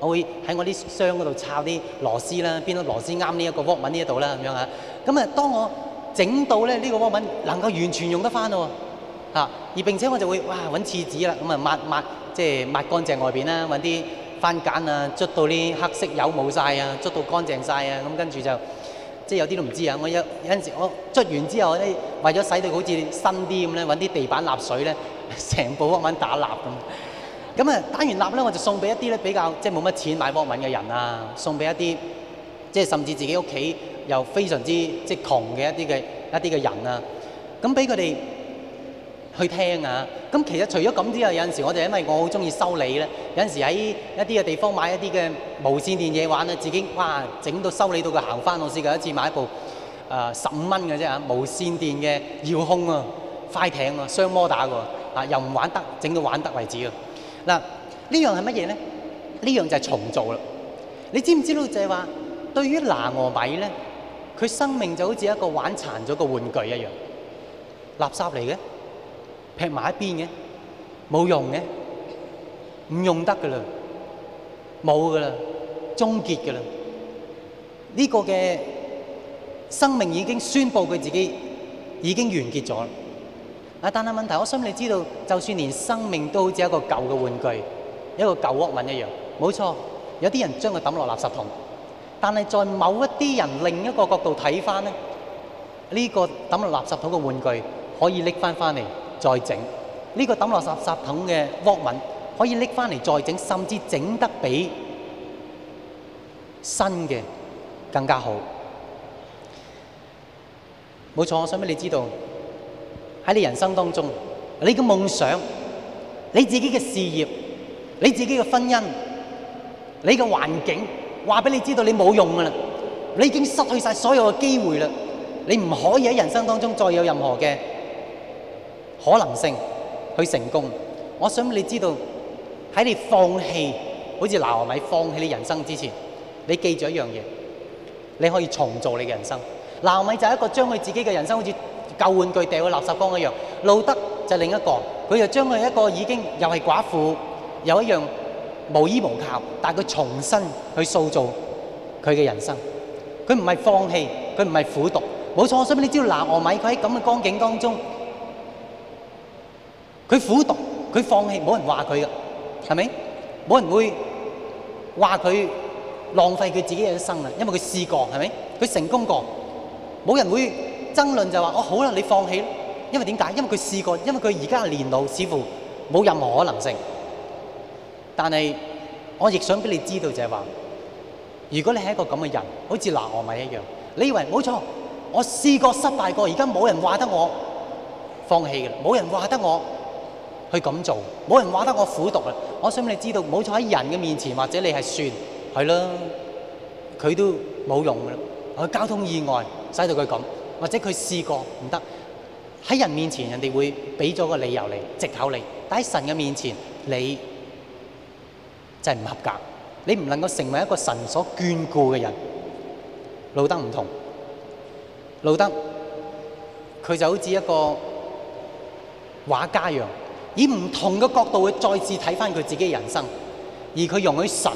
A: 我會喺我啲箱嗰度摷啲螺絲啦，邊到螺絲啱呢一個鍋紋呢一度啦咁樣啊，咁啊，當我整到咧呢個鍋紋能夠完全用得翻咯，啊！而並且我就會哇，揾廁紙啦，咁啊抹抹，即係抹乾淨外邊啦，揾啲番梘啊，捽到啲黑色油冇晒啊，捽到乾淨晒啊，咁跟住就。即係有啲都唔知啊！我有有陣時我捽完之後咧，我為咗使到好似新啲咁咧，揾啲地板蠟水咧，成部 Walkman 打蠟咁。咁啊，打完蠟咧，我就送俾一啲咧比較即係冇乜錢買 Walkman 嘅人啊，送俾一啲即係甚至自己屋企又非常之即係窮嘅一啲嘅一啲嘅人啊，咁俾佢哋。去聽啊！咁其實除咗咁之外，有陣時我哋因為我好中意修理咧，有陣時喺一啲嘅地方買一啲嘅無線電嘢玩咧，自己哇整到修理到佢行翻我試過一次買一部誒十五蚊嘅啫嚇無線電嘅遙控啊快艇啊雙摩打喎啊又唔玩得整到玩得為止啊嗱呢樣係乜嘢咧？呢樣就係重做啦！你知唔知道就係，就係話對於拿俄米咧，佢生命就好似一個玩殘咗嘅玩具一樣，垃圾嚟嘅。撇埋一邊嘅，冇用嘅，唔用得㗎喇，冇㗎喇，終結㗎喇。呢個嘅生命已經宣布佢自己已經完結咗啦。啊，但係問題，我希望你知道，就算連生命都好似一個舊嘅玩具，一個舊物品一樣，冇錯。有啲人將佢抌落垃圾桶，但係在某一啲人另一個角度睇翻咧，呢個抌落垃圾桶嘅玩具可以拎翻翻嚟。再整呢，這個抌落垃圾桶嘅窩文，可以拎翻嚟再整，甚至整得比新嘅更加好。冇錯，我想俾你知道，喺你人生當中，你嘅夢想、你自己嘅事業、你自己嘅婚姻、你嘅環境，話俾你知道，你冇用㗎喇，你已經失去晒所有嘅機會啦，你唔可以喺人生當中再有任何嘅。可能性去成功，我想你知道喺你放棄，好似拿俄米放棄你人生之前，你記住一樣嘢，你可以重做你嘅人生。拿俄米就係一個將佢自己嘅人生好似舊玩具掉去垃圾缸一樣，路德就係另一個，佢就將佢一個已經又係寡婦，又一樣無依無靠，但佢重新去塑造佢嘅人生。佢唔係放棄，佢唔係苦毒，冇錯。我想你知道拿俄米佢喺咁嘅光景當中。佢苦讀，佢放棄，冇人話佢㗎，係咪？冇人會話佢浪費佢自己嘅一生啦。因為佢試過，係咪？佢成功過，冇人會爭論就話：哦，好啦，你放棄。因為點解？因為佢試過，因為佢而家年老，似乎冇任何可能性。但係我亦想俾你知道就係話：如果你係一個咁嘅人，好似拿俄米一樣，你以為冇錯，我試過失敗過，而家冇人話得我放棄嘅，冇人話得我。去咁做，冇人話得我苦讀啊！我想你知道，冇錯，喺人嘅面前，或者你係算係啦，佢都冇用嘅。佢交通意外使到佢咁，或者佢試過唔得。喺人面前，人哋會俾咗個理由你，藉口你；但喺神嘅面前，你就係、是、唔合格。你唔能夠成為一個神所眷顧嘅人。路德唔同，路德佢就好似一個畫家一樣。以唔同嘅角度去再次睇翻佢自己嘅人生，而佢容許神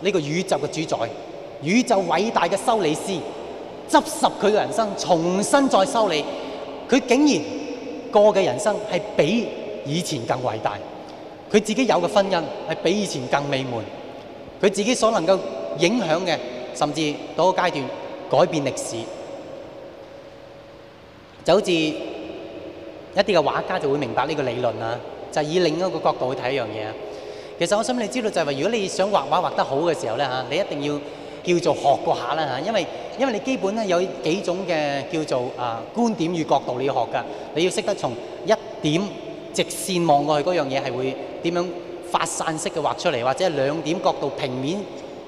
A: 呢個宇宙嘅主宰、宇宙偉大嘅修理師執拾佢嘅人生，重新再修理，佢竟然過嘅人生係比以前更偉大。佢自己有嘅婚姻係比以前更美滿，佢自己所能夠影響嘅，甚至嗰個階段改變歷史，就好似一啲嘅畫家就會明白呢個理論啦。就係以另一個角度去睇一樣嘢啊！其實我想你知道，就係話如果你想畫畫畫得好嘅時候咧吓，你一定要叫做學過一下啦吓，因為因為你基本咧有幾種嘅叫做啊觀點與角度你要學噶，你要識得從一點直線望過去嗰樣嘢係會點樣發散式嘅畫出嚟，或者兩點角度平面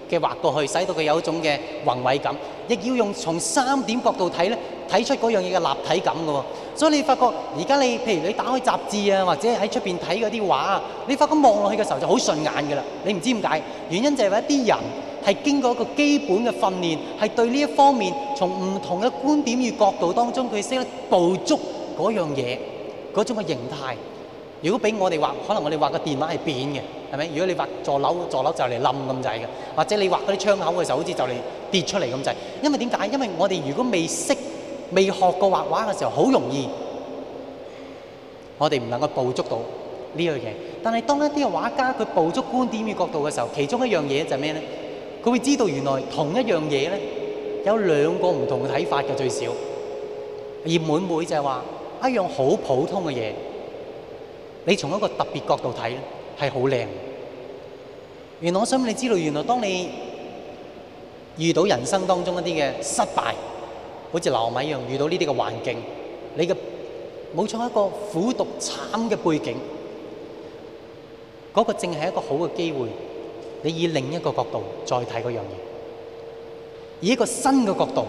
A: 嘅畫過去，使到佢有一種嘅宏偉感，亦要用從三點角度睇咧睇出嗰樣嘢嘅立體感㗎喎所以你發覺而家你譬如你打開雜誌啊，或者喺出面睇嗰啲畫，你發覺望落去嘅時候就好順眼嘅啦，你唔知點解？原因就係話一啲人係經過一個基本嘅訓練，係對呢一方面從唔同嘅觀點與角度當中，佢識得捕捉嗰樣嘢嗰種嘅形態。如果俾我哋畫，可能我哋畫個電話係扁嘅，係咪？如果你畫座樓，座樓就嚟冧咁滯嘅，或者你畫嗰啲窗口嘅時候，好似就嚟跌出嚟咁滯。因為點解？因為我哋如果未識。未學過畫畫嘅時候，好容易，我哋唔能夠捕捉到呢樣嘢。但係當一啲嘅畫家佢捕捉觀點嘅角度嘅時候，其中一樣嘢就係咩咧？佢會知道原來同一樣嘢咧有兩個唔同嘅睇法嘅最少。葉妹妹就係話：一樣好普通嘅嘢，你從一個特別角度睇，係好靚。原來我想你知道，原來當你遇到人生當中一啲嘅失敗。好似劉米一樣遇到呢啲嘅環境，你嘅冇錯一個苦讀慘嘅背景，嗰個正係一個好嘅機會。你以另一個角度再睇嗰樣嘢，以一個新嘅角度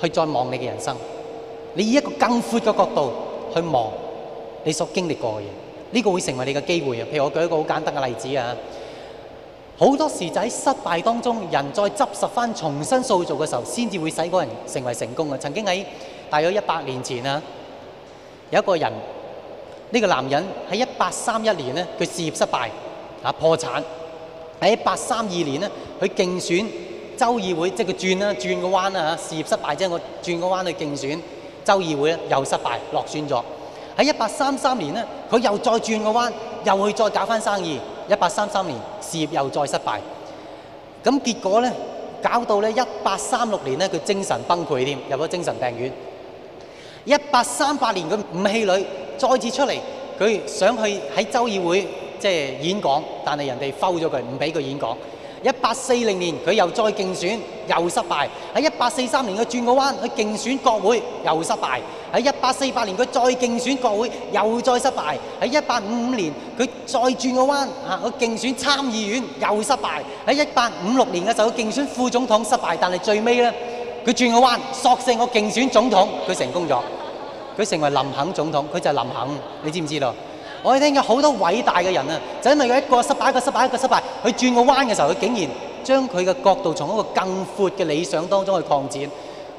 A: 去再望你嘅人生。你以一個更闊嘅角度去望你所經歷過嘅嘢，呢個會成為你嘅機會啊！譬如我舉一個好簡單嘅例子啊。好多時就喺失敗當中，人再執拾翻、重新塑造嘅時候，先至會使個人成為成功嘅。曾經喺大約一百年前啊，有一個人，呢個男人喺一八三一年咧，佢事業失敗，嚇破產。喺一八三二年咧，佢競選州議會，即係佢轉啦，轉個彎啦嚇。事業失敗，即係我轉個彎去競選州議會咧，又失敗落選咗。喺一八三三年咧，佢又再轉個彎，又去再搞翻生意。一八三三年，事業又再失敗，咁結果呢，搞到一八三六年呢，佢精神崩潰添，入咗精神病院。一八三八年，佢不氣餒再次出嚟，佢想去喺州議會即係演講，但係人哋否決咗佢，唔俾佢演講。一八四零年佢又再競選又失敗，喺一八四三年佢轉個彎佢競選國會又失敗，喺一八四八年佢再競選國會又再失敗，喺一八五五年佢再轉個彎嚇佢競選參議院又失敗，喺一八五六年嘅時候佢競選副總統失敗，但係最尾呢，佢轉個彎索性我競選總統佢成功咗，佢成為林肯總統，佢就係林肯，你知唔知道？我哋聽過好多偉大嘅人啊，就因為有一，一個失敗一個失敗一個失敗，佢轉個彎嘅時候，佢竟然將佢嘅角度從一個更闊嘅理想當中去擴展。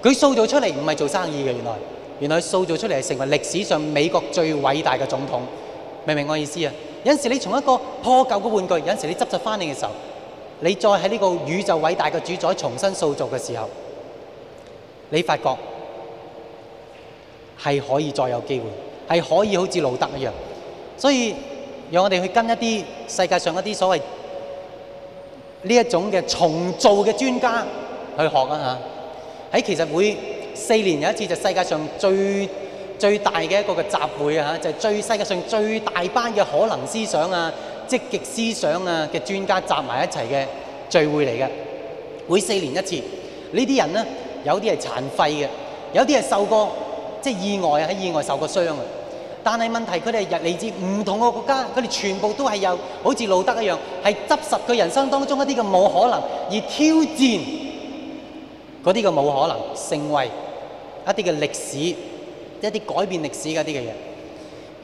A: 佢塑造出嚟唔係做生意嘅，原來原來佢塑造出嚟係成為歷史上美國最偉大嘅總統，明唔明我的意思啊？有時你從一個破舊嘅玩具，有時你執拾返你嘅時候，你再喺呢個宇宙偉大嘅主宰重新塑造嘅時候，你發覺係可以再有機會，係可以好似路德一樣。所以讓我哋去跟一啲世界上一啲所謂呢一種嘅重造嘅專家去學啊！嚇，喺其實每四年有一次，就是世界上最最大嘅一個嘅集會啊！嚇，就是最世界上最大班嘅可能思想啊、積極思想啊嘅專家集埋一齊嘅聚會嚟嘅。每四年一次，呢啲人呢，有啲係殘廢嘅，有啲係受過，即係意外喺意外受過傷。但係問題，佢哋係嚟自唔同嘅國家，佢哋全部都係有好似路德一樣，係執拾佢人生當中一啲嘅冇可能，而挑戰嗰啲嘅冇可能，成為一啲嘅歷史，一啲改變歷史嗰啲嘅嘢。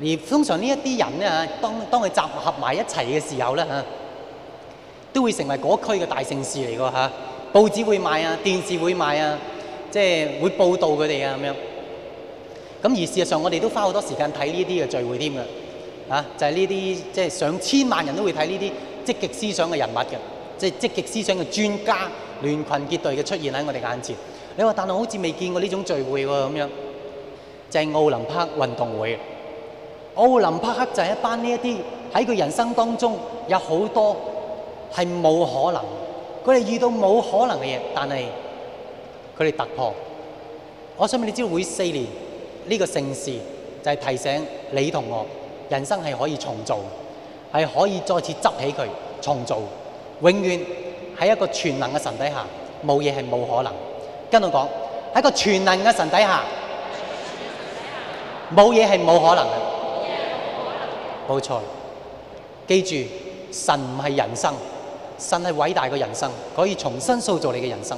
A: 而通常呢一啲人咧嚇，當當佢集合埋一齊嘅時候咧嚇，都會成為嗰區嘅大城市嚟㗎嚇，報紙會買啊，電視會買啊，即係會報導佢哋啊咁樣。咁而事實上，我哋都花好多時間睇呢啲嘅聚會添㗎，啊，就係呢啲即係上千萬人都會睇呢啲積極思想嘅人物嘅，即係積極思想嘅專家聯群結隊嘅出現喺我哋眼前。你話但係我好似未見過呢種聚會喎咁樣，就係、是、奧林匹克運動會。奧林匹克就係一班呢一啲喺佢人生當中有好多係冇可能，佢哋遇到冇可能嘅嘢，但係佢哋突破。我想問你，知道會四年？呢個聖事就係提醒你同我，人生係可以重做，係可以再次執起佢重做。永遠喺一個全能嘅神底下，冇嘢係冇可能。跟我講喺一個全能嘅神底下，冇嘢係冇可能嘅。冇錯，記住神唔係人生，神係偉大嘅人生，可以重新塑造你嘅人生。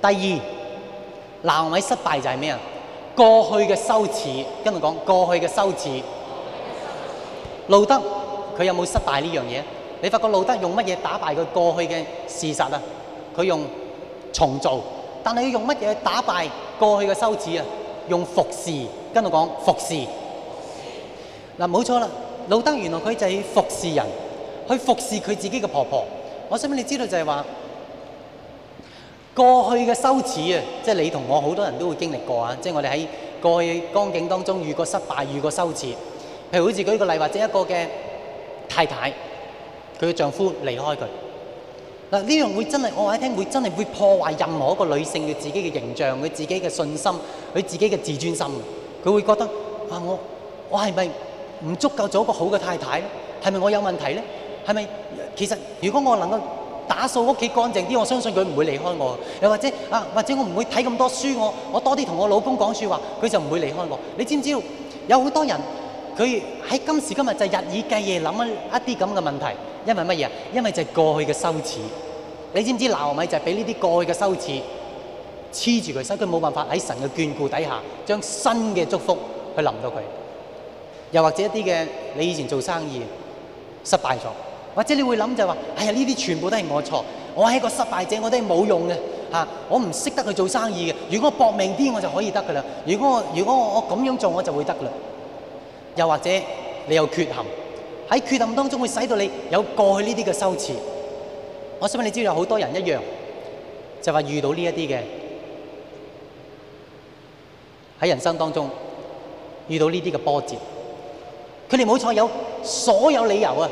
A: 第二，難為失敗就係咩啊？過去嘅羞恥，跟我講過去嘅羞恥。路德佢有冇失敗呢樣嘢？你發覺路德用乜嘢打敗佢過去嘅事實啊？佢用重做，但係要用乜嘢打敗過去嘅羞恥啊？用服侍，跟我講服侍。嗱，冇錯啦，路德原來佢就係服侍人，去服侍佢自己嘅婆婆。我想畀你知道就係話，過去嘅羞恥啊，即係你同我好多人都會經歷過啊！即係我哋喺過去光景當中遇過失敗，遇過羞恥。譬如好似舉一個例，或者一個嘅太太，佢嘅丈夫離開佢。嗱呢樣會真係我一聽會真係會破壞任何一個女性嘅自己嘅形象，佢自己嘅信心，佢自己嘅自尊心。佢會覺得話我我係咪唔足夠做一個好嘅太太？係咪我有問題咧？係咪其實如果我能夠？打掃屋企乾淨啲，我相信佢唔會離開我。又或者啊，或者我唔會睇咁多書，我我多啲同我老公講説話，佢就唔會離開我。你知唔知？有好多人佢喺今時今日就日以繼夜諗一啲咁嘅問題，因為乜嘢啊？因為就係過去嘅羞恥。你知唔知鬧米就係俾呢啲過去嘅羞恥黐住佢身，佢冇辦法喺神嘅眷顧底下將新嘅祝福去臨到佢。又或者一啲嘅你以前做生意失敗咗。或者你會諗就話：哎呀，呢啲全部都係我錯，我係個失敗者，我都係冇用嘅。我唔識得去做生意嘅。如果我搏命啲，我就可以得噶啦。如果我，如果我，我咁樣做，我就會得啦。又或者你有缺陷，喺缺陷當中會使到你有過去呢啲嘅羞恥。我想問你知道有好多人一樣，就話遇到呢啲嘅喺人生當中遇到呢啲嘅波折，佢哋冇錯，有所有理由啊！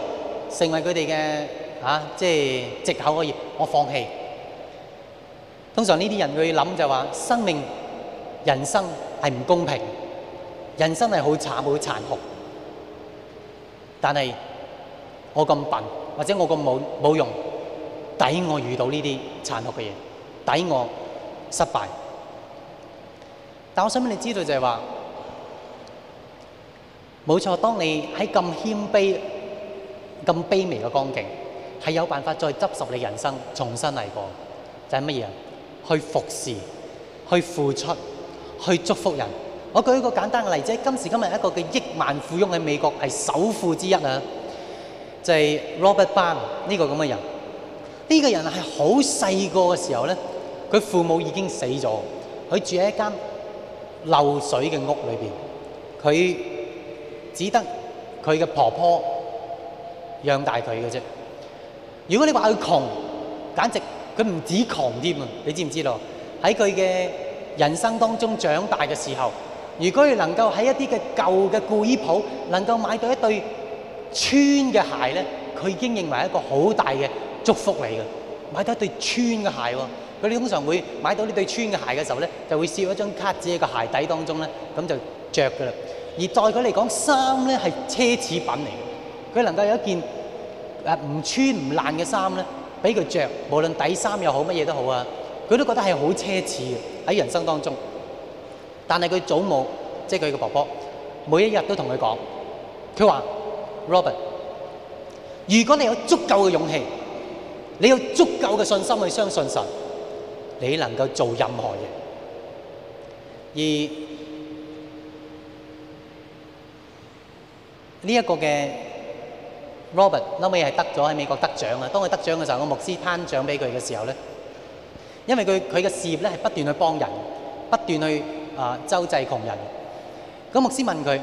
A: 成為佢哋嘅嚇，即係藉口可以我放棄。通常呢啲人會諗就話：生命、人生係唔公平，人生係好慘、好殘酷。但係我咁笨，或者我咁冇冇用，抵我遇到呢啲殘酷嘅嘢，抵我失敗。但我想畀你知道就係話，冇錯，當你喺咁謙卑，咁卑微嘅光景，係有辦法再執拾你人生，重新嚟過。就係乜嘢啊？去服侍，去付出，去祝福人。我舉一個簡單嘅例子，今時今日一個嘅億萬富翁喺美國係首富之一啊，就係 Robert Barr 呢個咁嘅人。呢個人係好細個嘅時候咧，佢父母已經死咗，佢住喺一間漏水嘅屋裏邊，佢只得佢嘅婆婆。養大佢嘅啫。如果你話佢窮，簡直佢唔止窮添啊！你知唔知道？喺佢嘅人生當中長大嘅時候，如果佢能夠喺一啲嘅舊嘅故衣鋪能夠買到一對穿嘅鞋咧，佢已經認為一個好大嘅祝福嚟嘅。買到一對穿嘅鞋喎，佢哋通常會買到呢對穿嘅鞋嘅時候咧，就會試一張卡紙喺個鞋底當中咧，咁就着㗎啦。而在佢嚟講，衫咧係奢侈品嚟嘅，佢能夠有一件。誒唔穿唔爛嘅衫咧，俾佢著，無論底衫又好乜嘢都好啊，佢都覺得係好奢侈喺人生當中。但係佢祖母，即係佢嘅婆婆，每一日都同佢講，佢話：Robert，如果你有足夠嘅勇氣，你有足夠嘅信心去相信神，你能夠做任何嘢。而呢一個嘅。Robert 後尾係得咗喺美國得獎啊！當佢得獎嘅時候，個牧師頒獎俾佢嘅時候咧，因為佢佢嘅事業咧係不斷去幫人，不斷去啊、呃、周濟窮人。咁牧師問佢：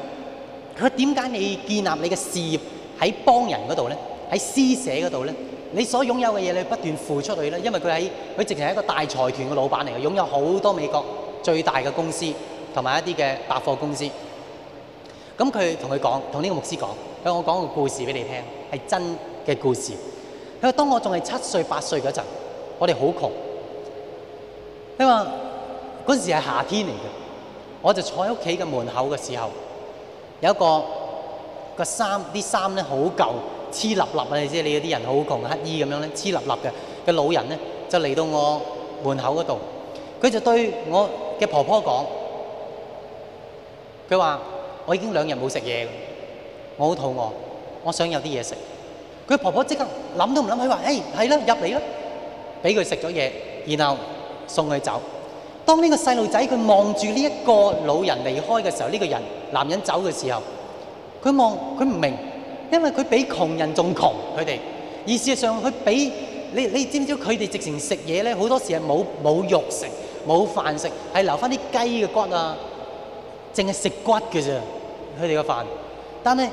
A: 佢點解你建立你嘅事業喺幫人嗰度咧？喺施捨嗰度咧？你所擁有嘅嘢，你不斷付出去咧？因為佢喺佢直情係一個大財團嘅老闆嚟嘅，擁有好多美國最大嘅公司同埋一啲嘅百貨公司。咁佢同佢講，同呢個牧師講。我講個故事畀你聽，係真嘅故事。因為當我仲係七歲八歲嗰陣，我哋好窮。你話嗰時係夏天嚟嘅，我就坐喺屋企嘅門口嘅時候，有一個個衫啲衫咧好舊，黐笠笠。你知道你嗰啲人好窮，乞衣咁樣咧，黐笠笠嘅。個老人呢，就嚟到我門口嗰度，佢就對我嘅婆婆講：佢話我已經兩日冇食嘢。我好肚餓，我想有啲嘢食。佢婆婆即刻諗都唔諗，佢話：誒係啦，入嚟啦，俾佢食咗嘢，然後送佢走。當呢個細路仔佢望住呢一個老人離開嘅時候，呢個人男人走嘅時候，佢望佢唔明，因為佢比窮人仲窮。佢哋而事實上，佢比你你知唔知？佢哋直情食嘢咧，好多時係冇冇肉食，冇飯食，係留翻啲雞嘅骨啊，淨係食骨嘅啫。佢哋嘅飯。但係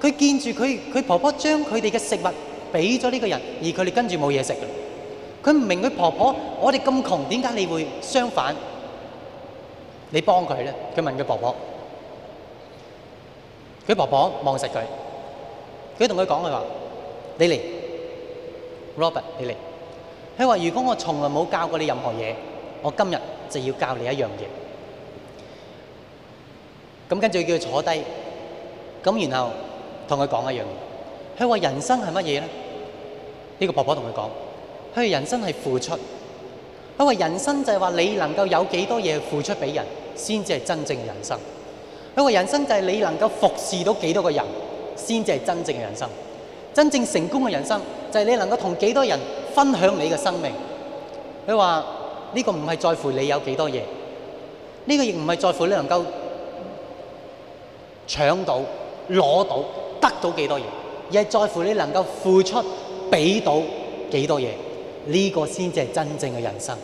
A: 佢見住佢婆婆將佢哋嘅食物畀咗呢個人，而佢哋跟住冇嘢食。佢唔明佢婆婆，我哋咁窮，點解你會相反？你幫佢呢？佢問佢婆婆。佢婆婆望實佢，佢同佢講：佢話你嚟，Robert，你嚟。佢話：如果我從來冇教過你任何嘢，我今日就要教你一樣嘢。咁跟住叫佢坐低。咁然後同佢講一樣，佢話人生係乜嘢咧？呢個婆婆同佢講，佢人生係付出。佢話人生就係話你能夠有幾多嘢付出俾人，先至係真正嘅人生。佢話人生就係你能夠服侍到幾多個人，先至係真正嘅人生。真正成功嘅人生就係你能夠同幾多人分享你嘅生命。佢話呢個唔係在乎你有幾多嘢，呢個亦唔係在乎你能夠搶到。攞到得到幾多嘢，而係在乎你能夠付出俾到幾多嘢，呢個先至係真正嘅人生。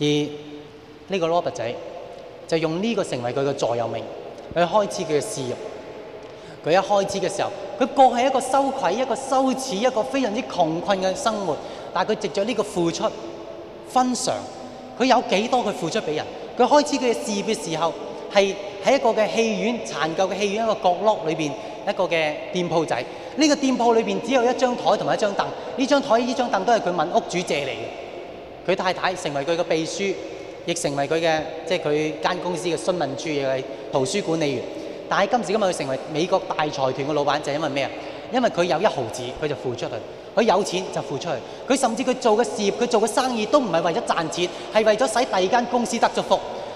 A: 而呢個羅伯仔就用呢個成為佢嘅座右銘去開始佢嘅事業。佢一開始嘅時候，佢過係一個羞愧、一個羞恥，一個非常之窮困嘅生活。但係佢藉着呢個付出分上，佢有幾多佢付出俾人？佢開始佢嘅事業嘅時候係。喺一個嘅戲院殘舊嘅戲院一個角落裏面，一個嘅店鋪仔，呢個店鋪裏面只有一張台同埋一張凳，呢張台呢張凳都係佢問屋主借嚟嘅。佢太太成為佢嘅秘書，亦成為佢嘅即係佢間公司嘅詢問主任、圖書管理員。但係今時今日佢成為美國大財團嘅老闆，就係因為咩啊因為佢有一毫子，佢就付出去；佢有錢就付出去。佢甚至佢做嘅事業，佢做嘅生意都唔係為咗賺錢，係為咗使第二間公司得咗福。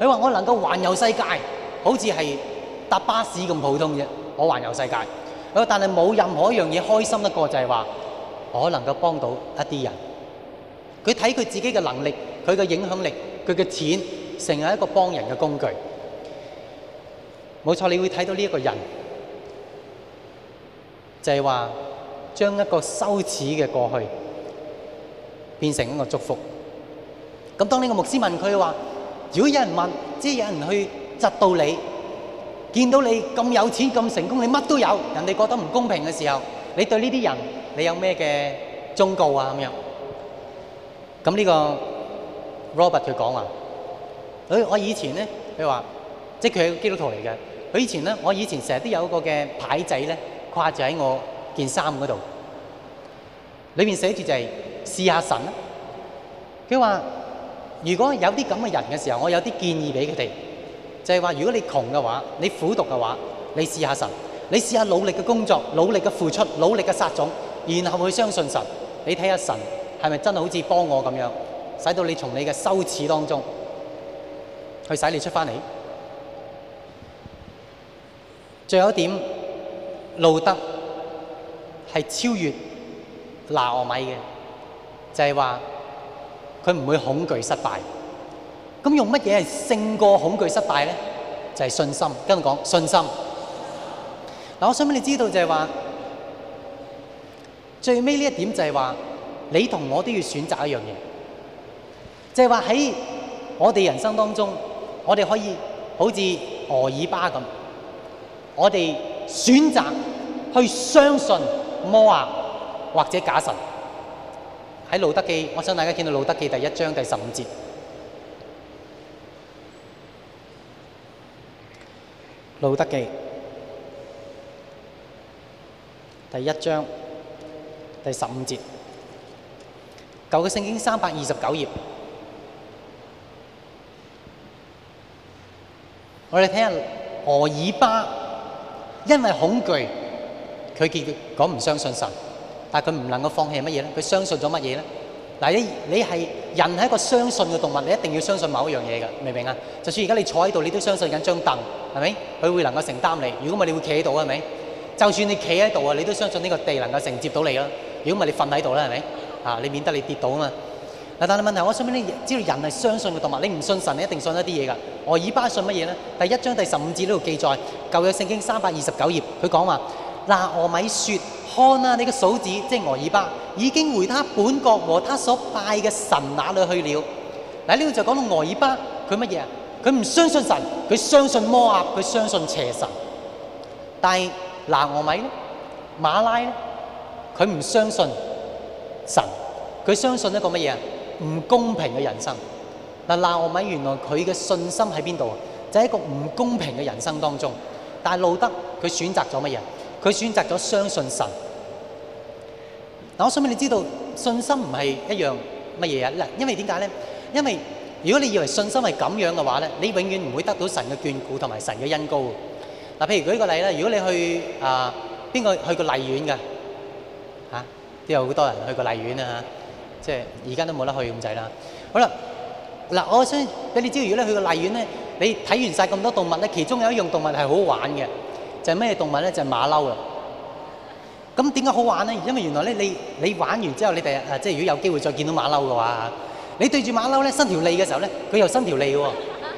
A: 佢話：我能夠環遊世界，好似係搭巴士咁普通啫。我環遊世界，但係冇任何一樣嘢開心得過，就係話我能夠幫到一啲人。佢睇佢自己嘅能力，佢嘅影響力，佢嘅錢，成為一個幫人嘅工具。冇錯，你會睇到呢個人，就係話將一個羞恥嘅過去變成一個祝福。當呢個牧師問佢話。如果有人問，即係有人去窒到你，見到你咁有錢咁成功，你乜都有，人哋覺得唔公平嘅時候，你對呢啲人，你有咩嘅忠告啊咁樣？咁呢個 Robert 佢講話，誒我以前咧，佢話即係佢係基督徒嚟嘅，佢以前咧，我以前成日都有個嘅牌仔咧掛住喺我件衫嗰度，裏面寫住就係試下神啦。佢話。如果有啲咁嘅人嘅時候，我有啲建議俾佢哋，就係話：如果你窮嘅話，你苦讀嘅話，你試下神，你試下努力嘅工作、努力嘅付出、努力嘅撒種，然後去相信神，你睇下神係咪真係好似幫我咁樣，使到你從你嘅羞恥當中去使你出翻嚟。再有一點，路德係超越拿俄米嘅，就係話。佢唔會恐懼失敗，咁用乜嘢係勝過恐懼失敗咧？就係信心。跟住講信心。嗱，我想畀你知道就係話，最尾呢一點就係話，你同我都要選擇一樣嘢，就係話喺我哋人生當中，我哋可以好似俄爾巴咁，我哋選擇去相信摩亞或者假神。喺路德記，我想大家看到路德記第一章第十五節。路德記第一章第十五節，舊嘅聖經三百二十九頁。我哋睇下俄爾巴，因為恐懼，佢結果唔相信神。但係佢唔能夠放棄乜嘢咧？佢相信咗乜嘢咧？嗱，你你係人係一個相信嘅動物，你一定要相信某一樣嘢㗎，明唔明啊？就算而家你坐喺度，你都相信緊張凳，係咪？佢會能夠承擔你，如果唔係你會企喺度，係咪？就算你企喺度啊，你都相信呢個地能夠承接到你啊。如果唔係你瞓喺度啦，係咪？啊，你免得你跌到啊嘛。嗱，但係問題是，我想問你，知道人係相信嘅動物，你唔信神，你一定信一啲嘢㗎。我以巴信乜嘢咧？第一章第十五節呢度記載舊約聖經三百二十九頁，佢講話。拿俄米說：看啊，你嘅嫂子，即係俄爾巴已經回他本國和他所拜嘅神那裡去了。嗱，呢度就講到俄爾巴佢乜嘢啊？佢唔相信神，佢相信摩押，佢相信邪神。但拿俄米咧，馬拉咧，佢唔相信神，佢相信一個乜嘢啊？唔公平嘅人生。拿俄米原來佢嘅信心喺邊度啊？就喺一個唔公平嘅人生當中。但係路德佢選擇咗乜嘢？佢選擇咗相信神。嗱，我想俾你知道信心唔係一樣乜嘢啊？嗱，因為點解咧？因為如果你以為信心係咁樣嘅話咧，你永遠唔會得到神嘅眷顧同埋神嘅恩膏。嗱，譬如舉個例啦，如果你去啊，邊個去過荔園㗎嚇，都有好多人去過荔園啊嚇，即係而家都冇得去咁滯啦。好啦，嗱，我想俾你知，如果你去過荔園咧，你睇完曬咁多動物咧，其中有一樣動物係好玩嘅。係咩動物咧？就係馬騮啊！咁點解好玩咧？因為原來咧，你你玩完之後，你第日即係如果有機會再見到馬騮嘅話，你對住馬騮咧，伸條脷嘅時候咧，佢又伸條脷喎，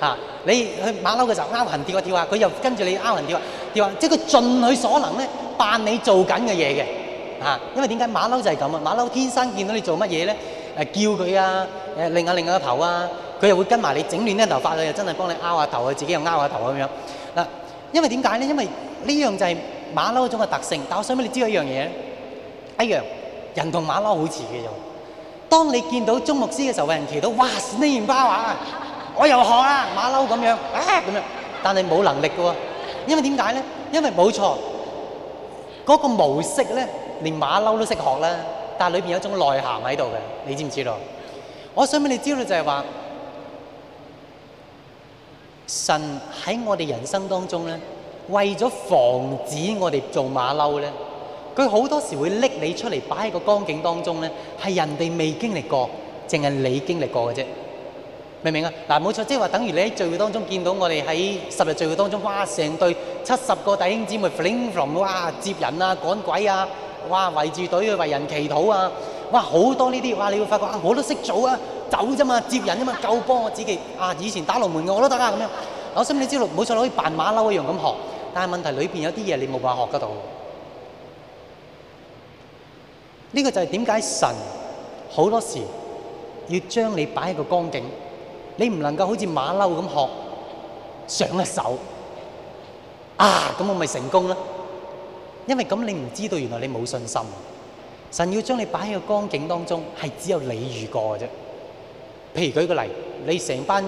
A: 吓、啊啊、你去馬騮嘅時候，勾痕跳啊跳啊，佢又跟住你勾痕跳啊跳啊，即係佢盡佢所能咧扮你做緊嘅嘢嘅，吓、啊！因為點解馬騮就係咁啊？馬騮天生見到你做乜嘢咧？誒叫佢啊，誒擰下擰下頭啊，佢又會跟埋你整亂啲頭髮，佢又真係幫你勾下頭啊，自己又勾下頭咁樣嗱。因為點解咧？因為呢樣就係馬騮一種嘅特性，但我想俾你知道的一樣嘢一樣，人同馬騮好似嘅啫。當你見到鍾牧師嘅時候，有人提到，哇！呢件巴話，我又學啦馬騮咁樣，咁樣，但係冇能力嘅喎。因為點解咧？因為冇錯，嗰個模式咧，連馬騮都識學咧，但係裏邊有一種內涵喺度嘅，你知唔知道？我想俾你知道的就係話，神喺我哋人生當中咧。為咗防止我哋做馬騮咧，佢好多時會拎你出嚟擺喺個光景當中咧，係人哋未經歷過，淨係你經歷過嘅啫，明唔明啊？嗱，冇錯，即係話等於你喺聚會當中見到我哋喺十日聚會當中，哇！成隊七十個弟兄姊妹 fling from，哇！接人啊，趕鬼啊，哇！圍住隊去為人祈禱啊，哇！好多呢啲，哇！你會發覺啊，我都識做啊，走啫嘛，接人啫嘛，夠幫我自己啊！以前打龍門嘅我都得啊，咁樣。我心裏知道，冇錯，可以扮馬騮一樣咁學。但係問題裏邊有啲嘢你冇辦法學得到，呢個就係點解神好多時要將你擺喺個光景，你唔能夠好似馬騮咁學上一手啊，咁我咪成功啦？因為咁你唔知道原來你冇信心，神要將你擺喺個光景當中，係只有你遇過嘅啫。譬如舉個例，你成班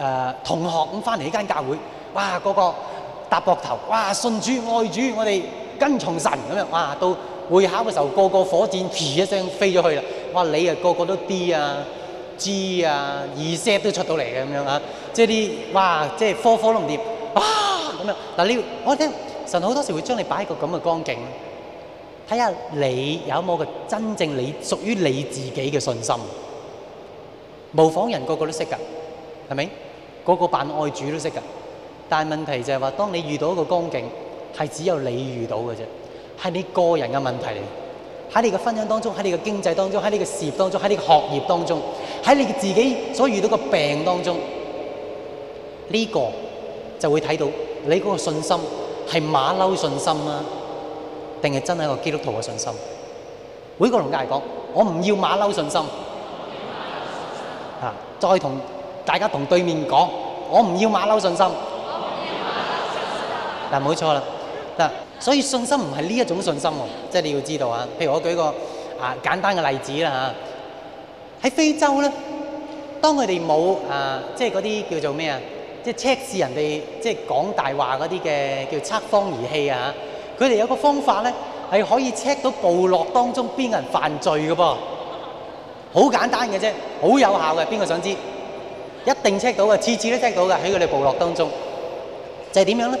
A: 誒同學咁翻嚟呢間教會，哇，嗰個～搭膊頭，哇！信主愛主，我哋跟從神咁樣，哇！到會考嘅時候，個個火箭，噉一聲飛咗去啦。哇！你啊，個個都 D 啊、G 啊、二 set 都出到嚟嘅咁樣啊，即係啲，哇！即係科科都唔掂，哇！咁樣嗱，你我聽神好多時會將你擺喺一個咁嘅光景，睇下你有冇個真正你屬於你自己嘅信心。模仿人個個都識噶，係咪？個個扮愛主都識噶。但係問題就係話，當你遇到一個光景，係只有你遇到嘅啫，係你個人嘅問題嚟。喺你嘅婚姻當中，喺你嘅經濟當中，喺你嘅事業當中，喺你嘅學業當中，喺你自己所遇到嘅病當中，呢、這個就會睇到你嗰個信心係馬騮信心啊，定係真係一個基督徒嘅信心？每一個同家下講，我唔要馬騮信心啊！再同大家同對面講，我唔要馬騮信心。嗱冇錯啦，嗱，所以信心唔係呢一種信心喎，即係你要知道啊。譬如我舉個啊簡單嘅例子啦嚇，喺非洲咧，當佢哋冇啊即係嗰啲叫做咩啊，即係測試人哋即係講大話嗰啲嘅叫測謊儀器啊嚇，佢哋有個方法咧係可以測到部落當中邊個人犯罪嘅噃，好簡單嘅啫，好有效嘅，邊個想知？一定測到嘅，次次都測到嘅喺佢哋部落當中，就係點樣咧？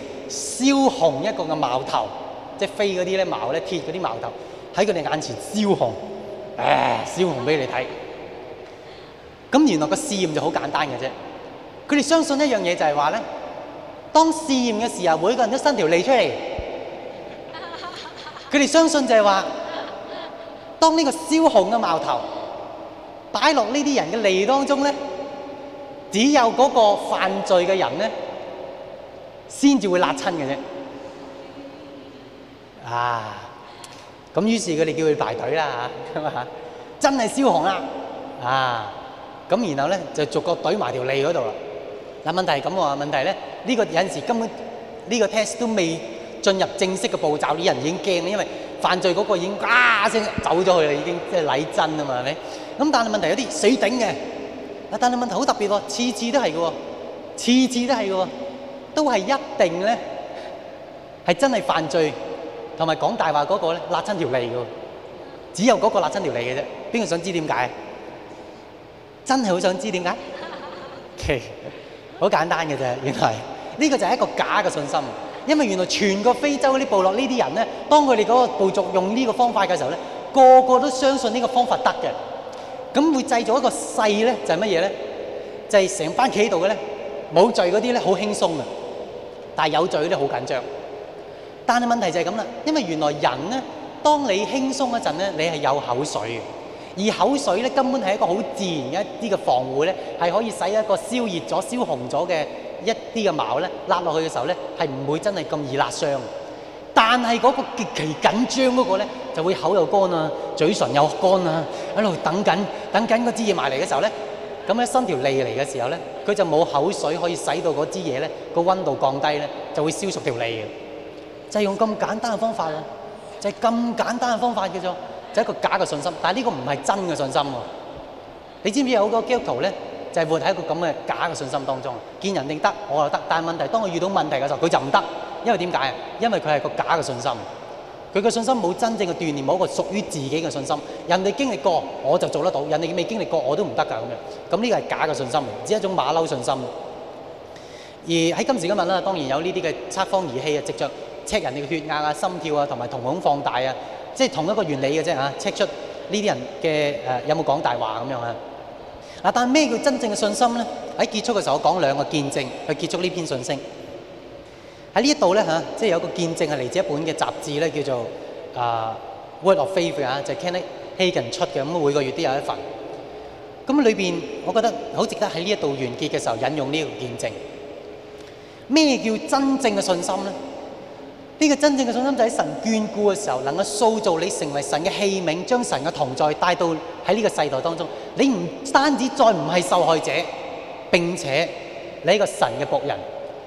A: 燒紅一個嘅矛頭，即係飛嗰啲咧矛咧，鐵嗰啲矛頭喺佢哋眼前燒紅，誒燒紅俾你睇。咁原來個試驗就好簡單嘅啫。佢哋相信一樣嘢就係話咧，當試驗嘅時候，每個人都伸條脷出嚟。佢哋相信就係話，當呢個燒紅嘅矛頭擺落呢啲人嘅脷當中咧，只有嗰個犯罪嘅人咧。先至會辣親嘅啫，啊，咁於是佢哋叫佢排隊啦嚇，咁啊嚇，真係燒紅啦，啊，咁然後咧就逐個隊埋條脷嗰度啦。嗱問題係咁喎，問題咧呢、呢個有陣時根本呢個 test 都未進入正式嘅步驟，啲人已經驚啦，因為犯罪嗰個已經嗙聲走咗去啦，已經即係禮真啊嘛，係咪？咁但係問題有啲死頂嘅，啊但係問題好特別喎、啊，次次都係嘅喎，次次都係嘅喎。都係一定咧，係真係犯罪同埋講大話嗰個咧，辣親條脷嘅。只有嗰個辣親條脷嘅啫。邊個想知點解？真係好想知點解？好、 okay，簡單嘅啫。原來呢個就係一個假嘅信心。因為原來全個非洲嗰啲部落這些呢啲人咧，當佢哋嗰個部族用呢個方法嘅時候咧，個個都相信呢個方法得嘅。咁會製造一個勢咧，就係乜嘢咧？就係、是、成班企喺度嘅咧，冇罪嗰啲咧，好輕鬆嘅。但有嘴都好緊張，但係問題就係咁啦，因為原來人咧，當你輕鬆嗰陣咧，你係有口水嘅，而口水咧，根本係一個好自然一啲嘅防護咧，係可以使一個燒熱咗、燒紅咗嘅一啲嘅矛咧，甩落去嘅時候咧，係唔會真係咁易甩傷。但係嗰個極其緊張嗰個咧，就會口又乾啊，嘴唇又乾啊，喺度等緊，等緊嗰支嘢埋嚟嘅時候咧。咁咧伸條脷嚟嘅時候呢，佢就冇口水可以使到嗰支嘢呢、個溫度降低呢就會燒熟條脷嘅，就係、是、用咁簡單嘅方法咯，就係、是、咁簡單嘅方法叫做，就係、是、一個假嘅信心，但係呢個唔係真嘅信心喎，你知唔知有好多基督徒咧，就係、是、活喺一個咁嘅假嘅信心當中，見人定得我就得，但係問題當我遇到問題嘅時候，佢就唔得，因為點解？因為佢係個假嘅信心。佢的信心冇真正嘅鍛鍊，某一個屬於自己嘅信心。人哋經歷過，我就做得到；人哋未經歷過，我都唔得㗎咁樣。咁呢個係假嘅信心，只係一種馬騮信心。而喺今時今日咧，當然有呢啲嘅測方儀器啊，接著 c 人哋嘅血壓啊、心跳啊、同埋瞳孔放大啊，即係同一個原理嘅啫，嚇出呢啲人嘅、呃、有冇講大話樣啊？但係咩叫真正嘅信心呢？喺結束嘅時候，我講兩個見證去結束呢篇訊息。喺呢、就是、一度咧嚇，即係有個見證係嚟自一本嘅雜誌咧，叫做《啊、uh, Word o f Faith》啊，就 Canada 希根出嘅。咁每個月都有一份。咁裏邊我覺得好值得喺呢一度完結嘅時候引用呢個見證。咩叫真正嘅信心咧？呢、這個真正嘅信心就喺神眷顧嘅時候，能夠塑造你成為神嘅器皿，將神嘅同在帶到喺呢個世代當中。你唔單止再唔係受害者，並且你係一個神嘅僕人，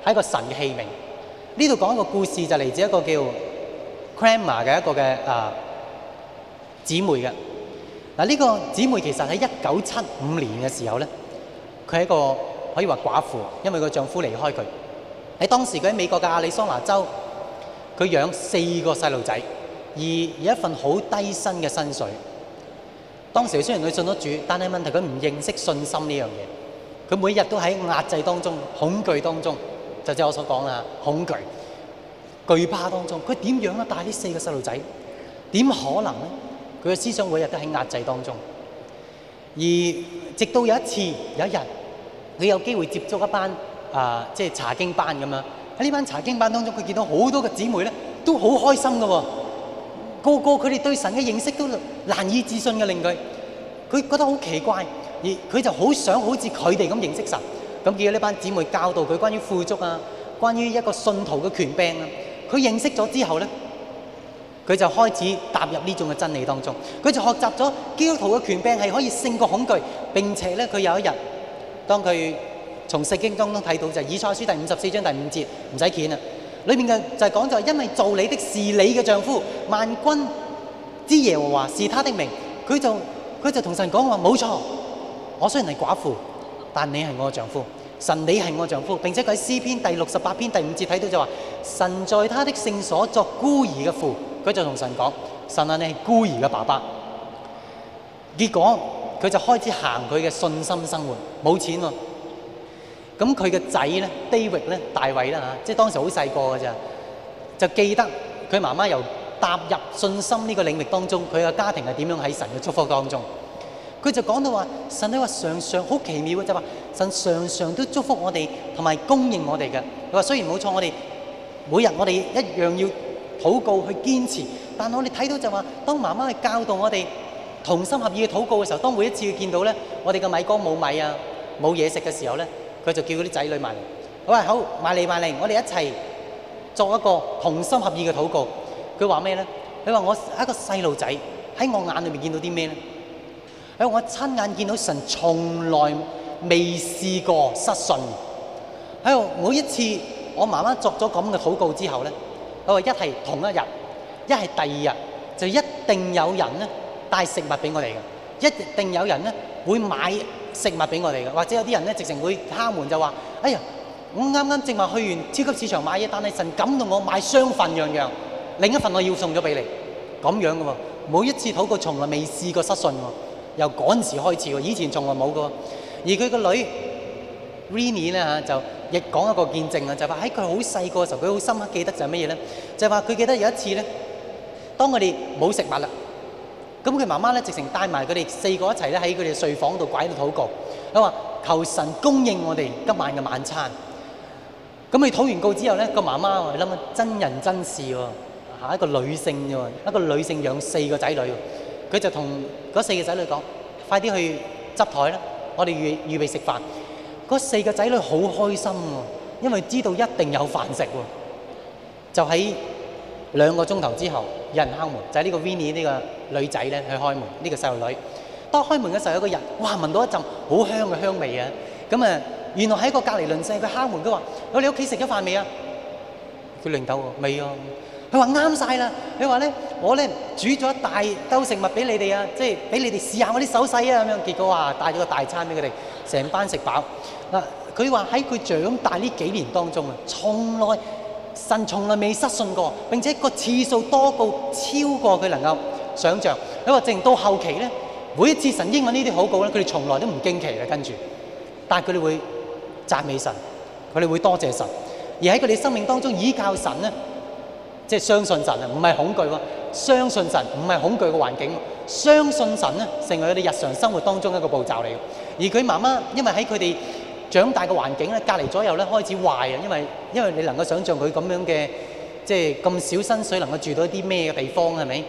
A: 係一個神嘅器皿。呢度講一個故事，就嚟自一個叫 Kramer 嘅一個嘅啊姊妹嘅。嗱、這、呢個姊妹其實喺一九七五年嘅時候咧，佢係一個可以話寡婦，因為佢丈夫離開佢。喺當時佢喺美國嘅亞利桑那州，佢養四個細路仔，而有一份好低薪嘅薪水。當時佢雖然佢信得主，但係問題佢唔認識信心呢樣嘢。佢每日都喺壓制當中、恐懼當中。就正如我所講啦，恐懼、懼怕當中，佢點樣啊？帶呢四個細路仔，點可能咧？佢嘅思想每日都喺壓制當中。而直到有一次有一日，你有機會接觸一班啊、呃，即係查經班咁樣，喺呢班查經班當中，佢見到好多嘅姊妹咧，都好開心㗎喎、哦，個個佢哋對神嘅認識都難以置信嘅令佢，佢覺得好奇怪，而佢就好想好似佢哋咁認識神。咁見到呢班姊妹教導佢關於富足啊，關於一個信徒嘅權柄啊，佢認識咗之後咧，佢就開始踏入呢種嘅真理當中，佢就學習咗基督徒嘅權柄係可以勝過恐懼。並且咧，佢有一日，當佢從聖經當中睇到就係以賽亞書第五十四章第五節，唔使驚啦，裏面嘅就係講就係因為造你的是你嘅丈夫，萬軍之耶和華是他的名，佢就佢就同神講話冇錯，我雖然係寡婦。但你係我的丈夫，神你係我的丈夫。並且佢喺詩篇第六十八篇第五節睇到就話：神在他的聖所作孤兒嘅父。佢就同神講：神啊，你係孤兒嘅爸爸。結果佢就開始行佢嘅信心生活，冇錢喎。咁佢嘅仔咧，David 呢，大衛啦，即當時好細個咋，就記得佢媽媽由踏入信心呢個領域當中，佢嘅家庭係點樣喺神嘅祝福當中。佢就講到話，神都話常常好奇妙嘅就話，神常常都祝福我哋同埋供應我哋嘅。佢話雖然冇錯，我哋每日我哋一樣要禱告去堅持，但我哋睇到就話，當媽媽去教導我哋同心合意嘅禱告嘅時候，當每一次佢見到咧，我哋個米缸冇米啊，冇嘢食嘅時候咧，佢就叫嗰啲仔女埋嚟，喂，好，埋嚟，埋嚟，我哋一齊作一個同心合意嘅禱告。佢話咩咧？佢話我一個細路仔喺我眼裏面見到啲咩咧？喺我親眼見到神從來未試過失信。喺每一次我媽媽作咗咁嘅禱告之後咧，佢話一係同一日，一係第二日就一定有人咧帶食物俾我哋嘅，一定有人咧會買食物俾我哋嘅，或者有啲人咧直情會敲門就話：哎呀，我啱啱正話去完超級市場買嘢，但係神咁同我買雙份樣樣，另一份我要送咗俾你，咁樣嘅喎，每一次禱告從來未試過失信喎。由嗰陣時開始喎，以前從來冇嘅喎，而佢個女 Rini 咧嚇就亦講一個見證啊，就話喺佢好細個嘅時候，佢好深刻記得就係乜嘢咧？就話佢記得有一次咧，當我哋冇食物啦，咁佢媽媽咧直情帶埋佢哋四個一齊咧，喺佢哋睡房度跪喺度禱告，佢話求神供應我哋今晚嘅晚餐。咁佢禱完告之後咧，個媽媽你諗下，真人真事喎，嚇一個女性啫喎，一個女性養四個仔女。佢就同嗰四個仔女講：快啲去執枱啦！我哋預預備食飯。嗰四個仔女好開心喎，因為知道一定有飯食喎。就喺兩個鐘頭之後，有人敲門，就係呢個 Vinnie 呢個女仔咧去開門。呢個細路女當開門嘅時候，有個人哇聞到一陣好香嘅香味啊！咁啊，原來喺個隔離鄰舍佢敲門，都話：我哋屋企食咗飯未啊？佢擰頭喎，未啊！佢話啱晒啦！佢話咧。我咧煮咗一大兜食物俾你哋啊，即係俾你哋試下我啲手勢啊，咁樣結果話帶咗個大餐俾佢哋，成班食飽。嗱、啊，佢話喺佢長大呢幾年當中啊，從來神從來未失信過，並且個次數多過超過佢能夠想像。你話直到後期咧，每一次神應允呢啲好報咧，佢哋從來都唔驚奇嘅，跟住，但係佢哋會讚美神，佢哋會多謝神，而喺佢哋生命當中倚靠神咧，即係相信神啊，唔係恐懼相信神唔係恐懼嘅環境，相信神咧成為佢哋日常生活當中的一個步驟嚟。而佢媽媽因為喺佢哋長大嘅環境咧，隔離左右咧開始壞啊！因為因為你能夠想像佢咁樣嘅，即係咁少薪水能夠住到啲咩嘅地方係咪？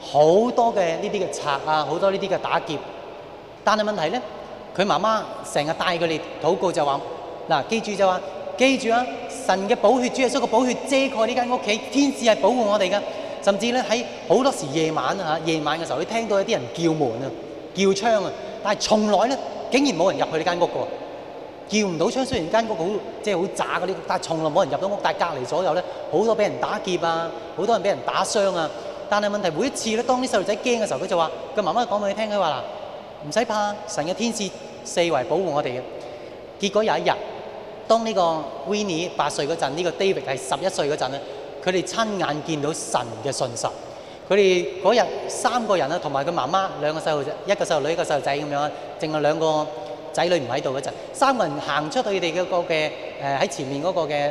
A: 好多嘅呢啲嘅賊啊，好多呢啲嘅打劫。但係問題咧，佢媽媽成日帶佢哋禱告就話：嗱，記住就話，記住啊！神嘅寶血，主耶穌嘅寶血遮蓋呢間屋企，天使係保護我哋㗎。甚至咧喺好多時夜晚啊夜晚嘅時候你聽到有啲人叫門啊、叫窗啊，但係從來咧竟然冇人入去呢間屋㗎。叫唔到窗，雖然間屋好即係好渣嗰啲，但係從來冇人入到屋。但係隔離左右咧，好多俾人打劫啊，好多人俾人打傷啊。但係問題是每一次咧，當啲細路仔驚嘅時候，佢就話：佢媽媽講俾你聽，佢話嗱，唔使怕，神嘅天使四圍保護我哋嘅。結果有一日，當呢個 Winnie 八歲嗰陣，呢、呢個 David 係十一歲嗰陣咧。佢哋親眼見到神嘅信實。佢哋嗰日三個人啦，同埋佢媽媽兩個細路仔，一個細路女一個細路仔咁樣啦，淨係兩個仔女唔喺度嗰陣，三個人行出去，嗰個，佢哋嗰嘅誒喺前面嗰個嘅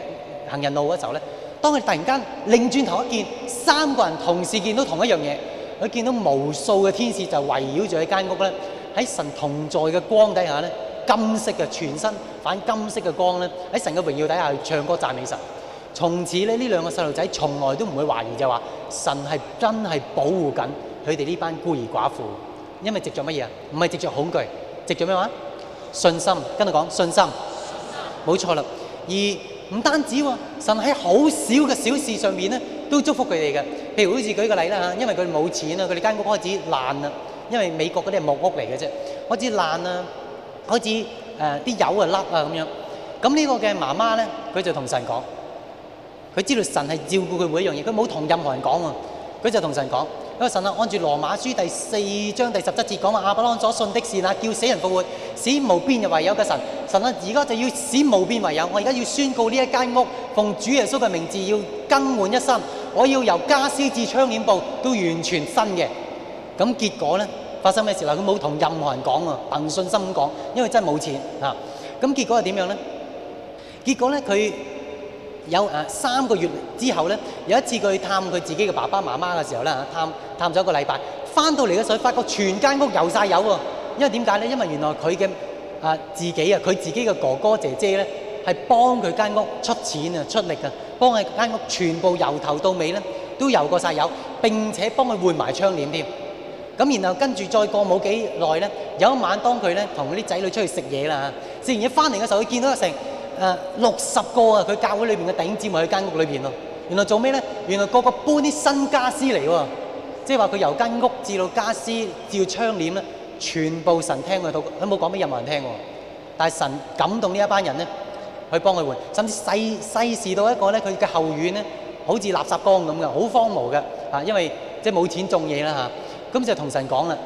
A: 行人路嘅時候咧，當佢突然間擰轉頭一見，三個人同時見到同一樣嘢，佢見到無數嘅天使就圍繞住喺間屋咧，喺神同在嘅光底下咧，金色嘅全身反金色嘅光咧，喺神嘅榮耀底下唱歌讚美神。從此咧，呢兩個細路仔從來都唔會懷疑就話神係真係保護緊佢哋呢班孤兒寡婦，因為藉著乜嘢啊？唔係藉著恐懼，藉著咩話？信心，跟住講信心，冇錯啦。而唔單止喎，神喺好小嘅小事上面咧，都祝福佢哋嘅。譬如好似舉個例啦嚇，因為佢哋冇錢啦，佢哋間屋開始爛啦，因為美國嗰啲係木屋嚟嘅啫，開始爛啦，開始誒啲油啊甩啊咁樣。咁呢個嘅媽媽咧，佢就同神講。佢知道神係照顧佢每一樣嘢，佢冇同任何人講喎，佢就同神講。因為神啊按住羅馬書第四章第十七節講話，亞伯拉罕所信的是那，叫死人復活，使無變就為有嘅神。神啊而家就要使無變為有，我而家要宣告呢一間屋，奉主耶穌嘅名字要更換一新，我要由家私至窗簾布都完全新嘅。咁結果呢，發生咩事啦？佢冇同任何人講喎，憑信心咁講，因為真冇錢嚇。咁結果係點樣呢？結果呢，佢。有誒、啊、三個月之後咧，有一次佢去探佢自己嘅爸爸媽媽嘅時候咧，探探咗一個禮拜，翻到嚟嘅時候，發覺全間屋油晒油喎。因為點解咧？因為原來佢嘅誒自己啊，佢自己嘅哥哥姐姐咧，係幫佢間屋出錢啊、出力啊，幫佢間屋全部由頭到尾咧都油過晒油，並且幫佢換埋窗簾添。咁然後跟住再過冇幾耐咧，有一晚當佢咧同佢啲仔女出去食嘢啦，食完嘢翻嚟嘅時候，佢見到阿成。誒六十個啊！佢教會裏邊嘅頂尖住喺間屋裏邊咯。原來做咩咧？原來個個搬啲新家私嚟喎，即係話佢由間屋至到家私，至到窗簾咧，全部神聽佢討，佢冇講俾任何人聽喎、啊。但係神感動這一呢一班人咧，去幫佢換，甚至細細事到一個咧，佢嘅後院咧，好似垃圾缸咁嘅，好荒蕪嘅啊！因為即係冇錢種嘢啦嚇。咁、啊、就同神講啦。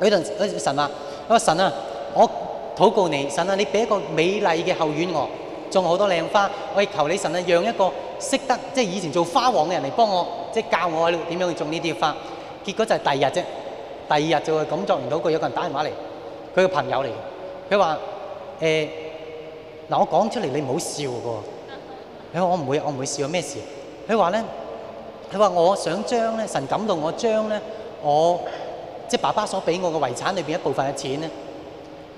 A: 嗰陣嗰神話、啊，我話神啊，我禱告你，神啊，你俾一個美麗嘅後院我、啊。種好多靚花，我哋求你神啊，讓一個識得即係以前做花王嘅人嚟幫我，即係教我點樣去種呢啲花。結果就係第二日啫，第二日就係咁做唔到。佢有個人打電話嚟，佢嘅朋友嚟。佢話：誒、欸，嗱我講出嚟你唔好笑嘅。佢話我唔會，我唔會笑。咩事？佢話咧，佢話我想將咧神感動我將咧我，即係爸爸所俾我嘅遺產裏邊一部分嘅錢咧，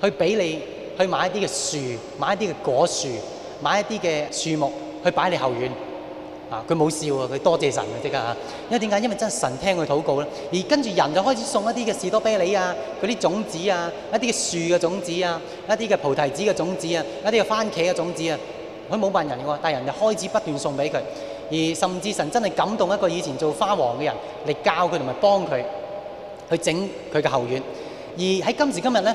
A: 去俾你去買一啲嘅樹，買一啲嘅果樹。買一啲嘅樹木去擺你後院，啊！佢冇笑啊，佢多謝神啊！即刻吓，因為點解？因為真係神聽佢禱告啦，而跟住人就開始送一啲嘅士多啤梨啊，嗰啲種子啊，一啲嘅樹嘅種子啊，一啲嘅菩提子嘅種子啊，一啲嘅番茄嘅種子啊，佢冇問人嘅、啊，但係人就開始不斷送俾佢，而甚至神真係感動一個以前做花王嘅人嚟教佢同埋幫佢去整佢嘅後院，而喺今時今日咧，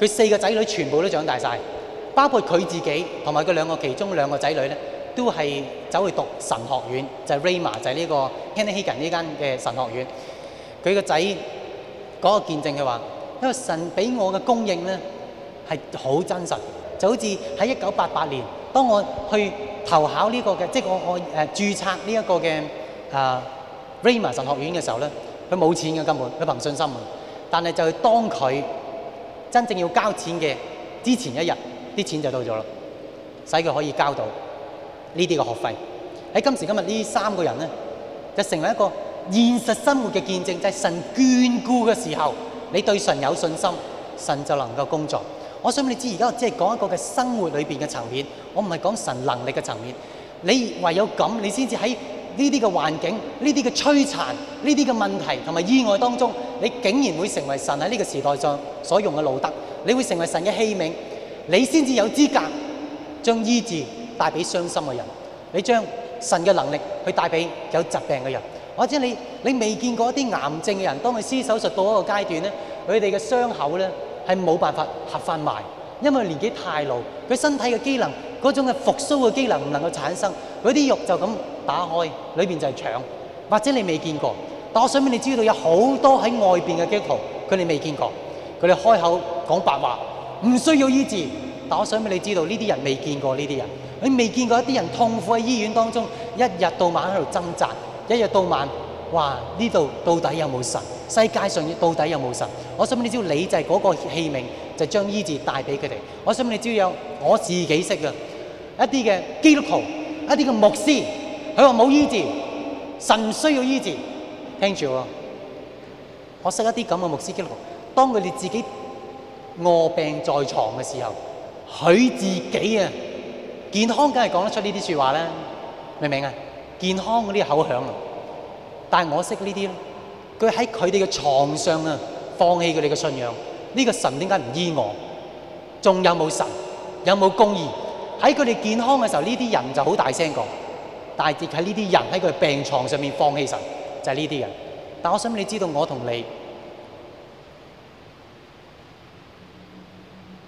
A: 佢四個仔女全部都長大晒。包括他自己和他兩個其中兩個仔女都是走去讀神學院就是 rama 就是這個 henry h a g e n 這間的神學院他個仔那個個見證他話因為神給我的供應是很真實就好像在一九八八年當我去投考這個的我,我、啊、注冊這個的、啊、rama 神學院的時候他沒有錢的根本憑信心但是就當他真正要交錢的之前一日。啲錢就到咗啦，使佢可以交到呢啲嘅學費。喺今時今日呢三個人咧，就成為一個現實生活嘅見證。就係神眷顧嘅時候，你對神有信心，神就能夠工作。我想你知，而家我只係講一個嘅生活裏邊嘅層面，我唔係講神能力嘅層面。你唯有咁，你先至喺呢啲嘅環境、呢啲嘅摧殘、呢啲嘅問題同埋意外當中，你竟然會成為神喺呢個時代上所用嘅路德，你會成為神嘅器皿。你先至有資格將醫治帶俾傷心嘅人，你將神嘅能力去帶俾有疾病嘅人，或者你你未見過一啲癌症嘅人，當佢施手術到一個階段呢，佢哋嘅傷口呢係冇辦法合返埋，因為年紀太老，佢身體嘅機能嗰種嘅復甦嘅機能唔能夠產生，佢啲肉就咁打開，裏面就係腸，或者你未見過，但我想問你知道有好多喺外邊嘅基督徒佢哋未見過，佢哋開口講白話。唔需要醫治，但我想俾你知道，呢啲人未見過呢啲人，你未見過一啲人痛苦喺醫院當中，一日到晚喺度掙扎，一日到晚，哇，呢度到底有冇神？世界上到底有冇神？我想俾你知道，你就係嗰個器皿，就是、將醫治帶俾佢哋。我想俾你知道有我自己識嘅一啲嘅基督徒，一啲嘅牧師，佢話冇醫治，神唔需要醫治，聽住喎。我識一啲咁嘅牧師基督徒，當佢哋自己，臥病在床嘅時候，佢自己啊，健康，梗係講得出呢啲說話啦，明唔明啊？健康嗰啲口響啊，但係我識呢啲，佢喺佢哋嘅床上啊放棄佢哋嘅信仰，呢個神點解唔醫我？仲有冇神？有冇公義？喺佢哋健康嘅時候，呢啲人就好大聲講，但係亦喺呢啲人喺佢病床上面放棄神，就係呢啲人。但我想你知道我同你。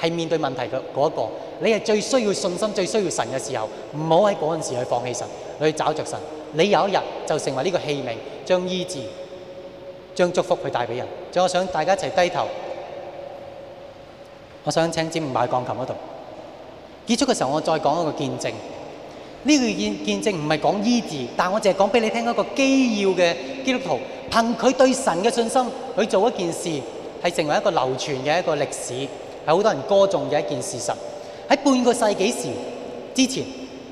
A: 係面對問題嘅嗰一個，你係最需要信心、最需要神嘅時候，唔好喺嗰陣時去放棄神，你去找着神。你有一日就成為呢個器皿，將醫治、將祝福去帶俾人。仲我想大家一齊低頭，我想請詹唔買鋼琴嗰度結束嘅時候，我再講一個見證。呢、呢個見見證唔係講醫治，但我淨係講俾你聽一個基要嘅基督徒，憑佢對神嘅信心去做一件事，係成為一個流傳嘅一個歷史。係好多人歌頌嘅一件事實。喺半個世紀時之前，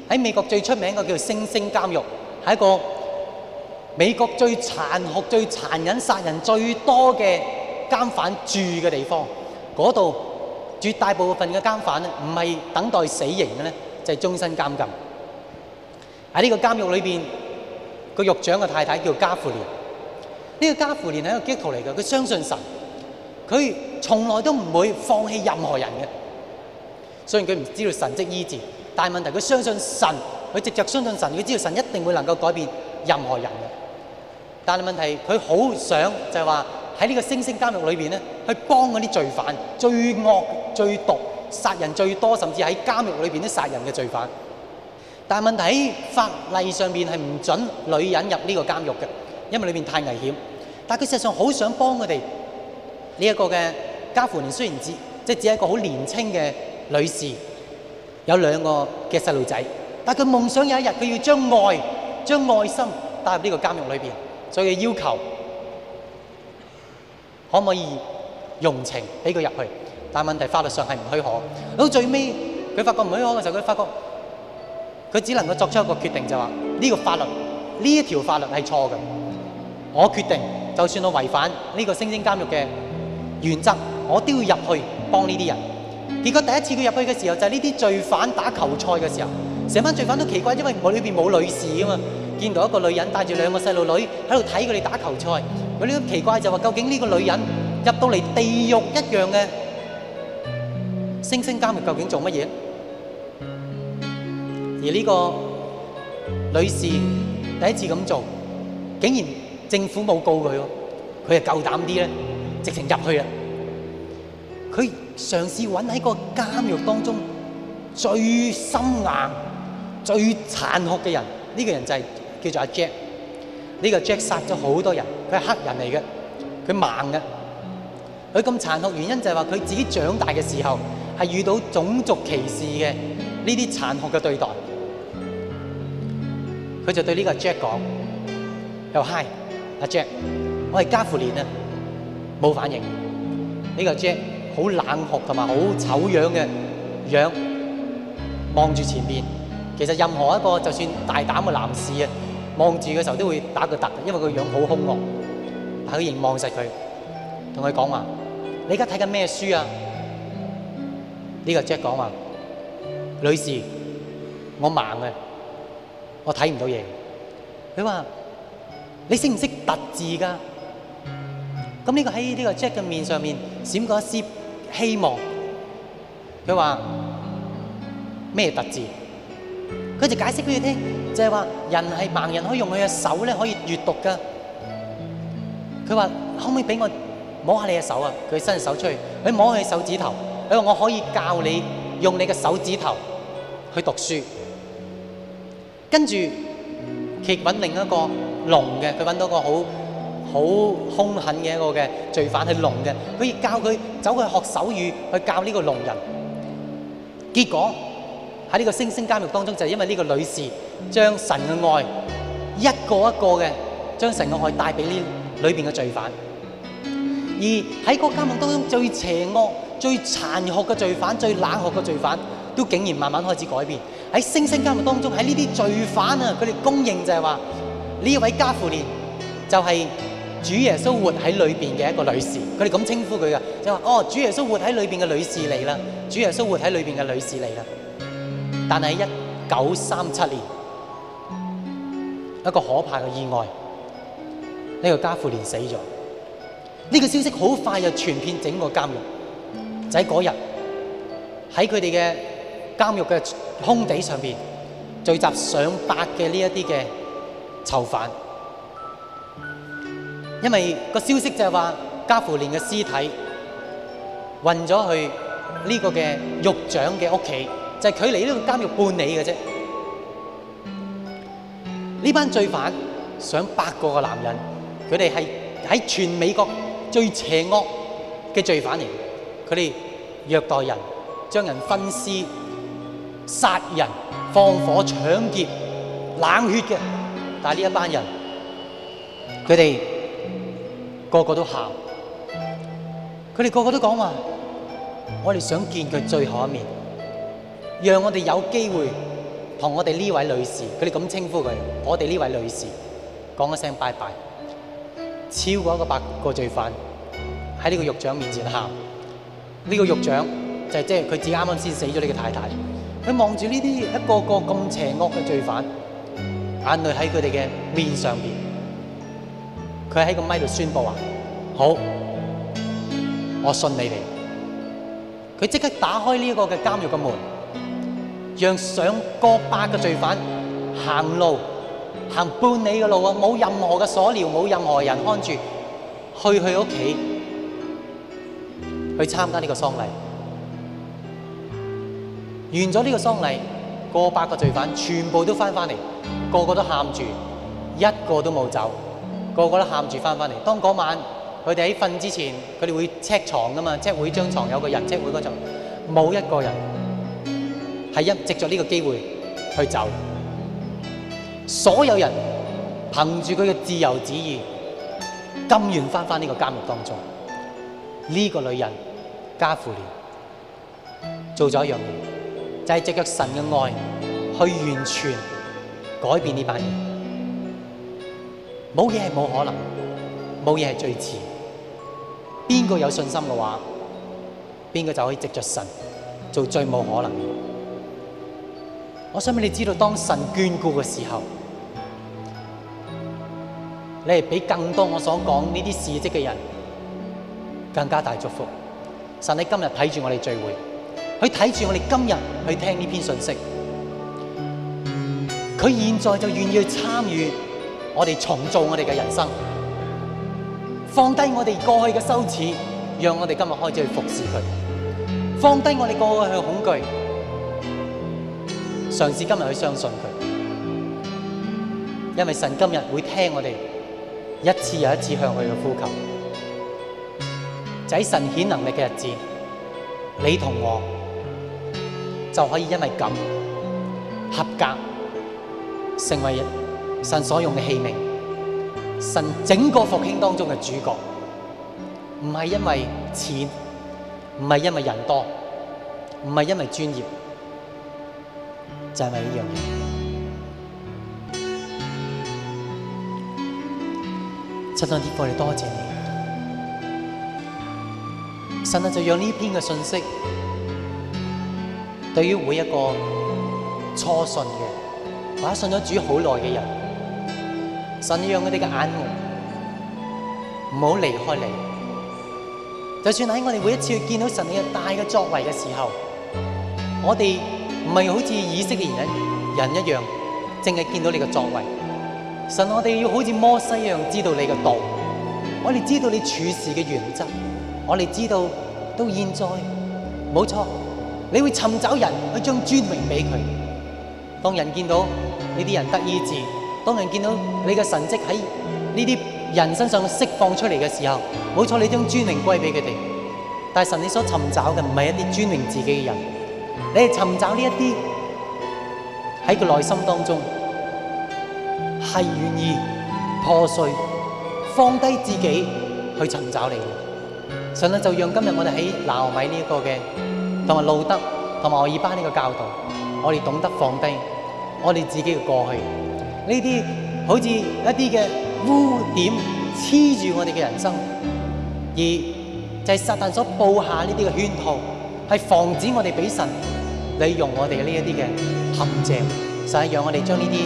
A: 喺美國最出名嘅叫星星監獄，係一個美國最殘酷、最殘忍、殺人最多嘅監犯住嘅地方。嗰度絕大部分嘅監犯咧，唔係等待死刑嘅呢就係終身監禁。喺呢個監獄裏面，個獄長嘅太太叫加芙蓮。呢個加芙蓮係一個基督徒嚟嘅，佢相信神。佢從來都唔會放棄任何人嘅，雖然佢唔知道神跡醫治，但係問題佢相信神，佢直接相信神，佢知道神一定會能夠改變任何人嘅。但係問題佢好想就係話喺呢個星星監獄裏邊咧，去幫嗰啲罪犯、最惡、最毒、殺人最多，甚至喺監獄裏邊啲殺人嘅罪犯。但係問題喺法例上邊係唔准女人入呢個監獄嘅，因為裏邊太危險。但係佢實際上好想幫佢哋。呢、這、一個嘅家婦，雖然只即係只係一個好年輕嘅女士，有兩個嘅細路仔，但佢夢想有一日佢要將愛、將愛心帶入呢個監獄裏邊，所以要求可唔可以用情俾佢入去？但問題是法律上係唔許可。到最尾佢發覺唔許可嘅時候，佢發覺佢只能夠作出一個決定，就話、是、呢、這個法律呢一條法律係錯嘅。我決定，就算我違反呢個星星監獄嘅原則我都要入去幫呢啲人。結果第一次佢入去嘅時候，就係呢啲罪犯打球賽嘅時候，成班罪犯都奇怪，因為我呢邊冇女士啊嘛，見到一個女人帶住兩個細路女喺度睇佢哋打球賽，佢哋都奇怪就話：究竟呢個女人入到嚟地獄一樣嘅星星監獄究竟做乜嘢？而呢個女士第一次咁做，竟然政府冇告佢，佢係夠膽啲咧。直情入去啊！佢嘗試揾喺個監獄當中最深硬、最殘酷嘅人，呢個人就係叫做阿 Jack。呢個 Jack 殺咗好多人，佢係黑人嚟嘅，佢盲嘅。佢咁殘酷原因就係話佢自己長大嘅時候係遇到種族歧視嘅呢啲殘酷嘅對待。佢就對呢個 Jack 講：又嗨，阿 Jack，我係加富廉啊！冇反應，呢個 Jack 好冷酷同埋好醜樣嘅樣望住前面。其實任何一個就算大膽嘅男士啊，望住嘅時候都會打個突，因為個樣好兇惡。但佢仍然望實佢，同佢講話：你而家睇緊咩書啊？呢個 Jack 講話，女士，我盲嘅，我睇唔到嘢。佢話：你識唔識讀字㗎？咁呢個喺呢個 Jack 嘅面上面閃過一絲希望。佢話咩特字？佢就解釋俾佢聽，就係話人係盲人可以用佢嘅手咧可以閲讀㗎。佢話可唔可以俾我摸下你嘅手啊？佢伸出手出去，佢摸下手指頭。佢話我可以教你用你嘅手指頭去讀書。跟住佢揾另一個聾嘅，佢揾到個好。好兇狠嘅一個嘅罪犯係聾嘅，佢亦教佢走去學手語，去教呢個聾人。結果喺呢個星星監獄當中，就係因為呢個女士將神嘅愛一個一個嘅將神嘅愛帶俾呢裏邊嘅罪犯。而喺個監獄當中，最邪惡、最殘酷嘅罪犯，最冷酷嘅罪犯，都竟然慢慢開始改變，喺星星監獄當中。喺呢啲罪犯啊，佢哋公認就係話呢位加百列就係主耶穌活喺裏邊嘅一個女士，佢哋咁稱呼佢嘅，就話：哦，主耶穌活喺裏邊嘅女士嚟啦，主耶穌活喺裏邊嘅女士嚟啦。但係一九三七年，一個可怕嘅意外，呢個加富連死咗。呢個消息好快就傳遍整個監獄。就喺嗰日，喺佢哋嘅監獄嘅空地上面，聚集上百嘅呢一啲嘅囚犯。因為個消息就係話，加弗連嘅屍體運咗去呢個嘅獄長嘅屋企，就係距離呢個監獄半里嘅啫。呢班罪犯上百個嘅男人，佢哋係喺全美國最邪惡嘅罪犯嚟，佢哋虐待人、將人分屍，殺人、放火、搶劫、冷血嘅。但係呢一班人，佢哋。個個都喊，佢哋個個都講話，我哋想見佢最後一面，讓我哋有機會同我哋呢位女士，佢哋咁稱呼佢，我哋呢位女士講一聲拜拜，超過一個百個罪犯喺呢個獄長面前喊，呢、嗯呢個獄長就即係佢自己啱啱先死咗呢個太太，佢望住呢啲一個個咁邪惡嘅罪犯，眼淚喺佢哋嘅面上邊。佢喺個咪度宣布啊！好，我信你哋。佢即刻打開呢個嘅監獄嘅門，讓上百個罪犯行路行半里嘅路啊！冇任何嘅鎖料，冇任何人看住，去佢屋企去參加呢個喪禮。完咗呢個喪禮，過百個罪犯全部都翻翻嚟，個個都喊住，一個都冇走。個個都喊住翻翻嚟。當嗰晚佢哋喺瞓之前，佢哋會 check 床噶嘛？check 每張床有個人，check 每床冇一個人係藉着呢個機會去走。所有人憑住佢嘅自由旨意，甘願翻翻呢個監獄當中。呢、這個女人加富蓮做咗一樣嘢，就係、是、藉着神嘅愛去完全改變呢班人。冇嘢係冇可能，冇嘢係最遲。邊個有信心嘅話，邊個就可以藉着神做最冇可能嘅。我想俾你知道，當神眷顧嘅時候，你係俾更多我所講呢啲事蹟嘅人更加大祝福。神喺今日睇住我哋聚會，佢睇住我哋今日去聽呢篇信息，佢現在就願意去參與。我哋重做我哋嘅人生，放低我哋過去嘅羞恥，讓我哋今日開始去服侍佢；放低我哋過去嘅恐懼，嘗試今日去相信佢。因為神今日會聽我哋一次又一次向佢嘅呼求，就喺神顯能力嘅日子，你同我就可以因為咁合格成為人。神所用的器皿，神整個復興當中的主角，唔係因為錢，唔係因為人多，唔係因為專業，就係因為呢樣嘢。親愛的弟兄，你多謝你，神就讓這篇的信息，對於每一個初信的或者信了主好耐的人。神讓的不要讓我哋嘅眼目唔好離開你，就算喺我哋每一次去見到神嘅大嘅作為嘅時候，我哋唔係好似以色列人人一樣，淨係見到你嘅作為。神，我哋要好似摩西一樣知道你嘅道，我哋知道你處事嘅原則，我哋知道到現在冇錯，你會尋找人去將尊榮俾佢，當人見到呢啲人得醫治，當人見到你嘅神蹟喺呢啲人身上釋放出嚟嘅時候，冇錯，你將尊榮歸俾佢哋。但係神，你所尋找嘅唔係一啲尊榮自己嘅人，你係尋找呢一啲喺佢內心當中係願意破碎、放低自己去尋找你的。嘅。神啊，就讓今日我哋喺拿俄米呢一個嘅同埋路德同埋俄珥巴呢個教導，我哋懂得放低，我哋自己嘅過去。呢啲好似一啲嘅污點黐住我哋嘅人生，而就係撒旦所布下呢啲嘅圈套，係防止我哋俾神利用我哋呢一啲嘅陷阱，就係讓我哋將呢啲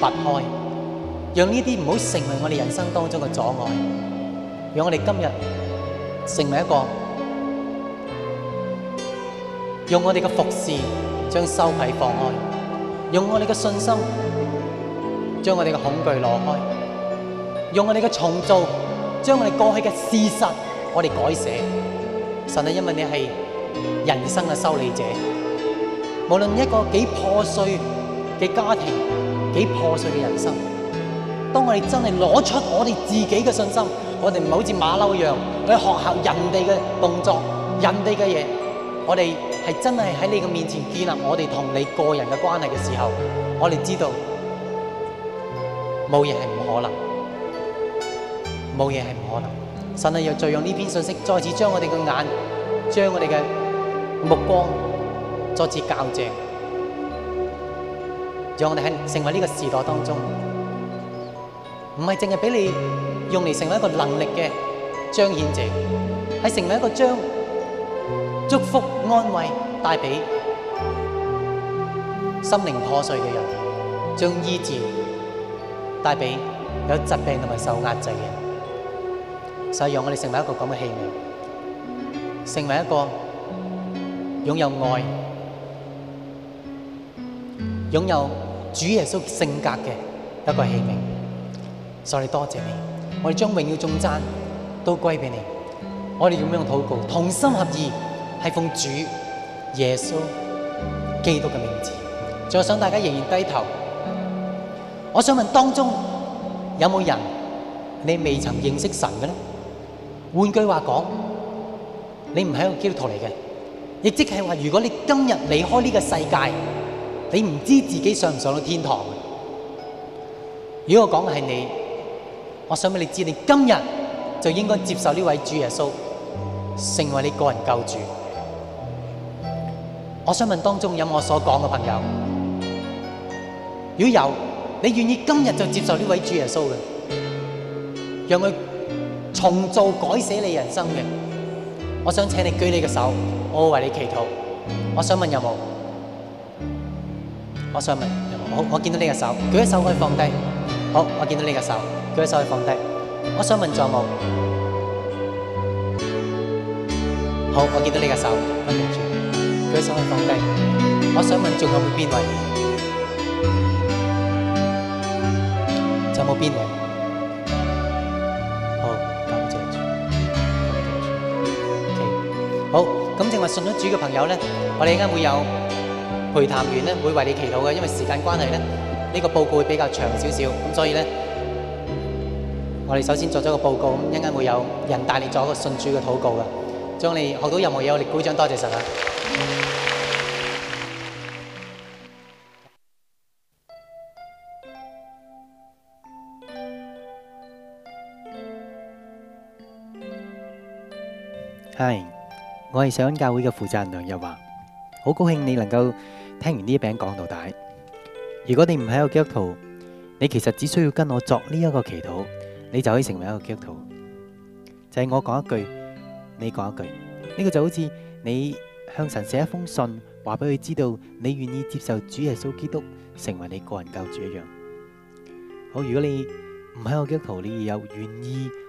A: 拔開，讓呢啲唔好成為我哋人生當中嘅阻礙，讓我哋今日成為一個用我哋嘅服侍將羞愧放開，用我哋嘅信心。將我哋嘅恐懼攞開，用我哋嘅重造，將我哋過去嘅事實，我哋改寫。神啊，因為你係人生嘅修理者，無論一個幾破碎嘅家庭，幾破碎嘅人生，當我哋真係攞出我哋自己嘅信心，我哋唔係好似馬騮一樣去學習人哋嘅動作、人哋嘅嘢，我哋係真係喺你嘅面前建立我哋同你個人嘅關係嘅時候，我哋知道。冇嘢係唔可能，冇嘢係唔可能。神啊，又再用呢篇信息，再次將我哋嘅眼，將我哋嘅目光再次校正，讓我哋喺成為呢個時代當中，唔係淨係俾你用嚟成為一個能力嘅彰顯者，係成為一個將祝福、安慰帶俾心靈破碎嘅人，將醫治。帶俾有疾病同埋受壓制嘅人，所以讓我哋成為一個咁嘅器皿，成為一個擁有愛、擁有主耶穌性格嘅一個器皿。所以我哋多謝你，我哋將榮耀頌讚都歸俾你。我哋用咩樣禱告？同心合意，係奉主耶穌基督嘅名字。就想大家仍然低頭。我想問當中有冇人你未曾認識神嘅呢？換句話講，你唔係個基督徒嚟嘅，亦即係話，如果你今日離開呢個世界，你唔知自己上唔上到天堂。如果我講嘅係你，我想問你知，你今日就應該接受呢位主耶穌，成為你個人救主。我想問當中有冇我所講嘅朋友，如果有？你願意今日就接受呢位主耶穌嘅，讓佢重做改寫你人生嘅？我想請你舉你嘅手，我會為你祈禱。我想問有冇？我想問有冇？我我見到呢個手，舉起手可以放低。好，我見到呢個手，舉起手可以放低。我想問有冇？好，我見到呢個手，舉住，舉起手可以放低。我想問仲有會邊位？冇邊位？好，感謝主，感謝主、okay. 好，咁正話信咗主嘅朋友咧，我哋應該會有陪談員咧，會為你祈禱嘅。因為時間關係咧，呢個報告會比較長少少，咁所以咧，我哋首先作咗個報告，咁應該會有人帶你做一個信主嘅禱告嘅，將你學到任何嘢，我哋鼓掌，多謝神啊！嗯係，我係上恩教會嘅負責人梁日華，好高興你能夠聽完呢一餅講到底。如果你唔係一個基督徒，你其實只需要跟我作呢一個祈禱，你就可以成為一個基督徒。就係我講一句，你講一句，呢個就好似你向神寫一封信，話俾佢知道你願意接受主耶穌基督成為你個人救主一樣。好，如果你唔係一個基督徒，你又願意，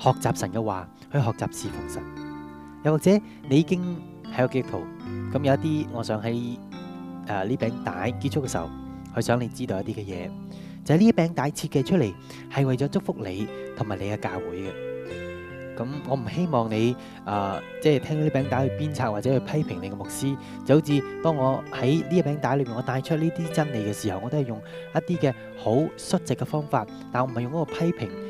A: 學習神嘅話，去學習侍奉神。又或者你已經喺個基督徒，咁有一啲，我想喺誒呢餅帶結束嘅時候，去想你知道一啲嘅嘢，就係呢一餅帶設計出嚟係為咗祝福你同埋你嘅教會嘅。咁我唔希望你誒、呃、即係聽到呢餅帶去鞭策或者去批評你嘅牧師，就好似當我喺呢一餅帶裏面，我帶出呢啲真理嘅時候，我都係用一啲嘅好率直嘅方法，但我唔係用嗰個批評。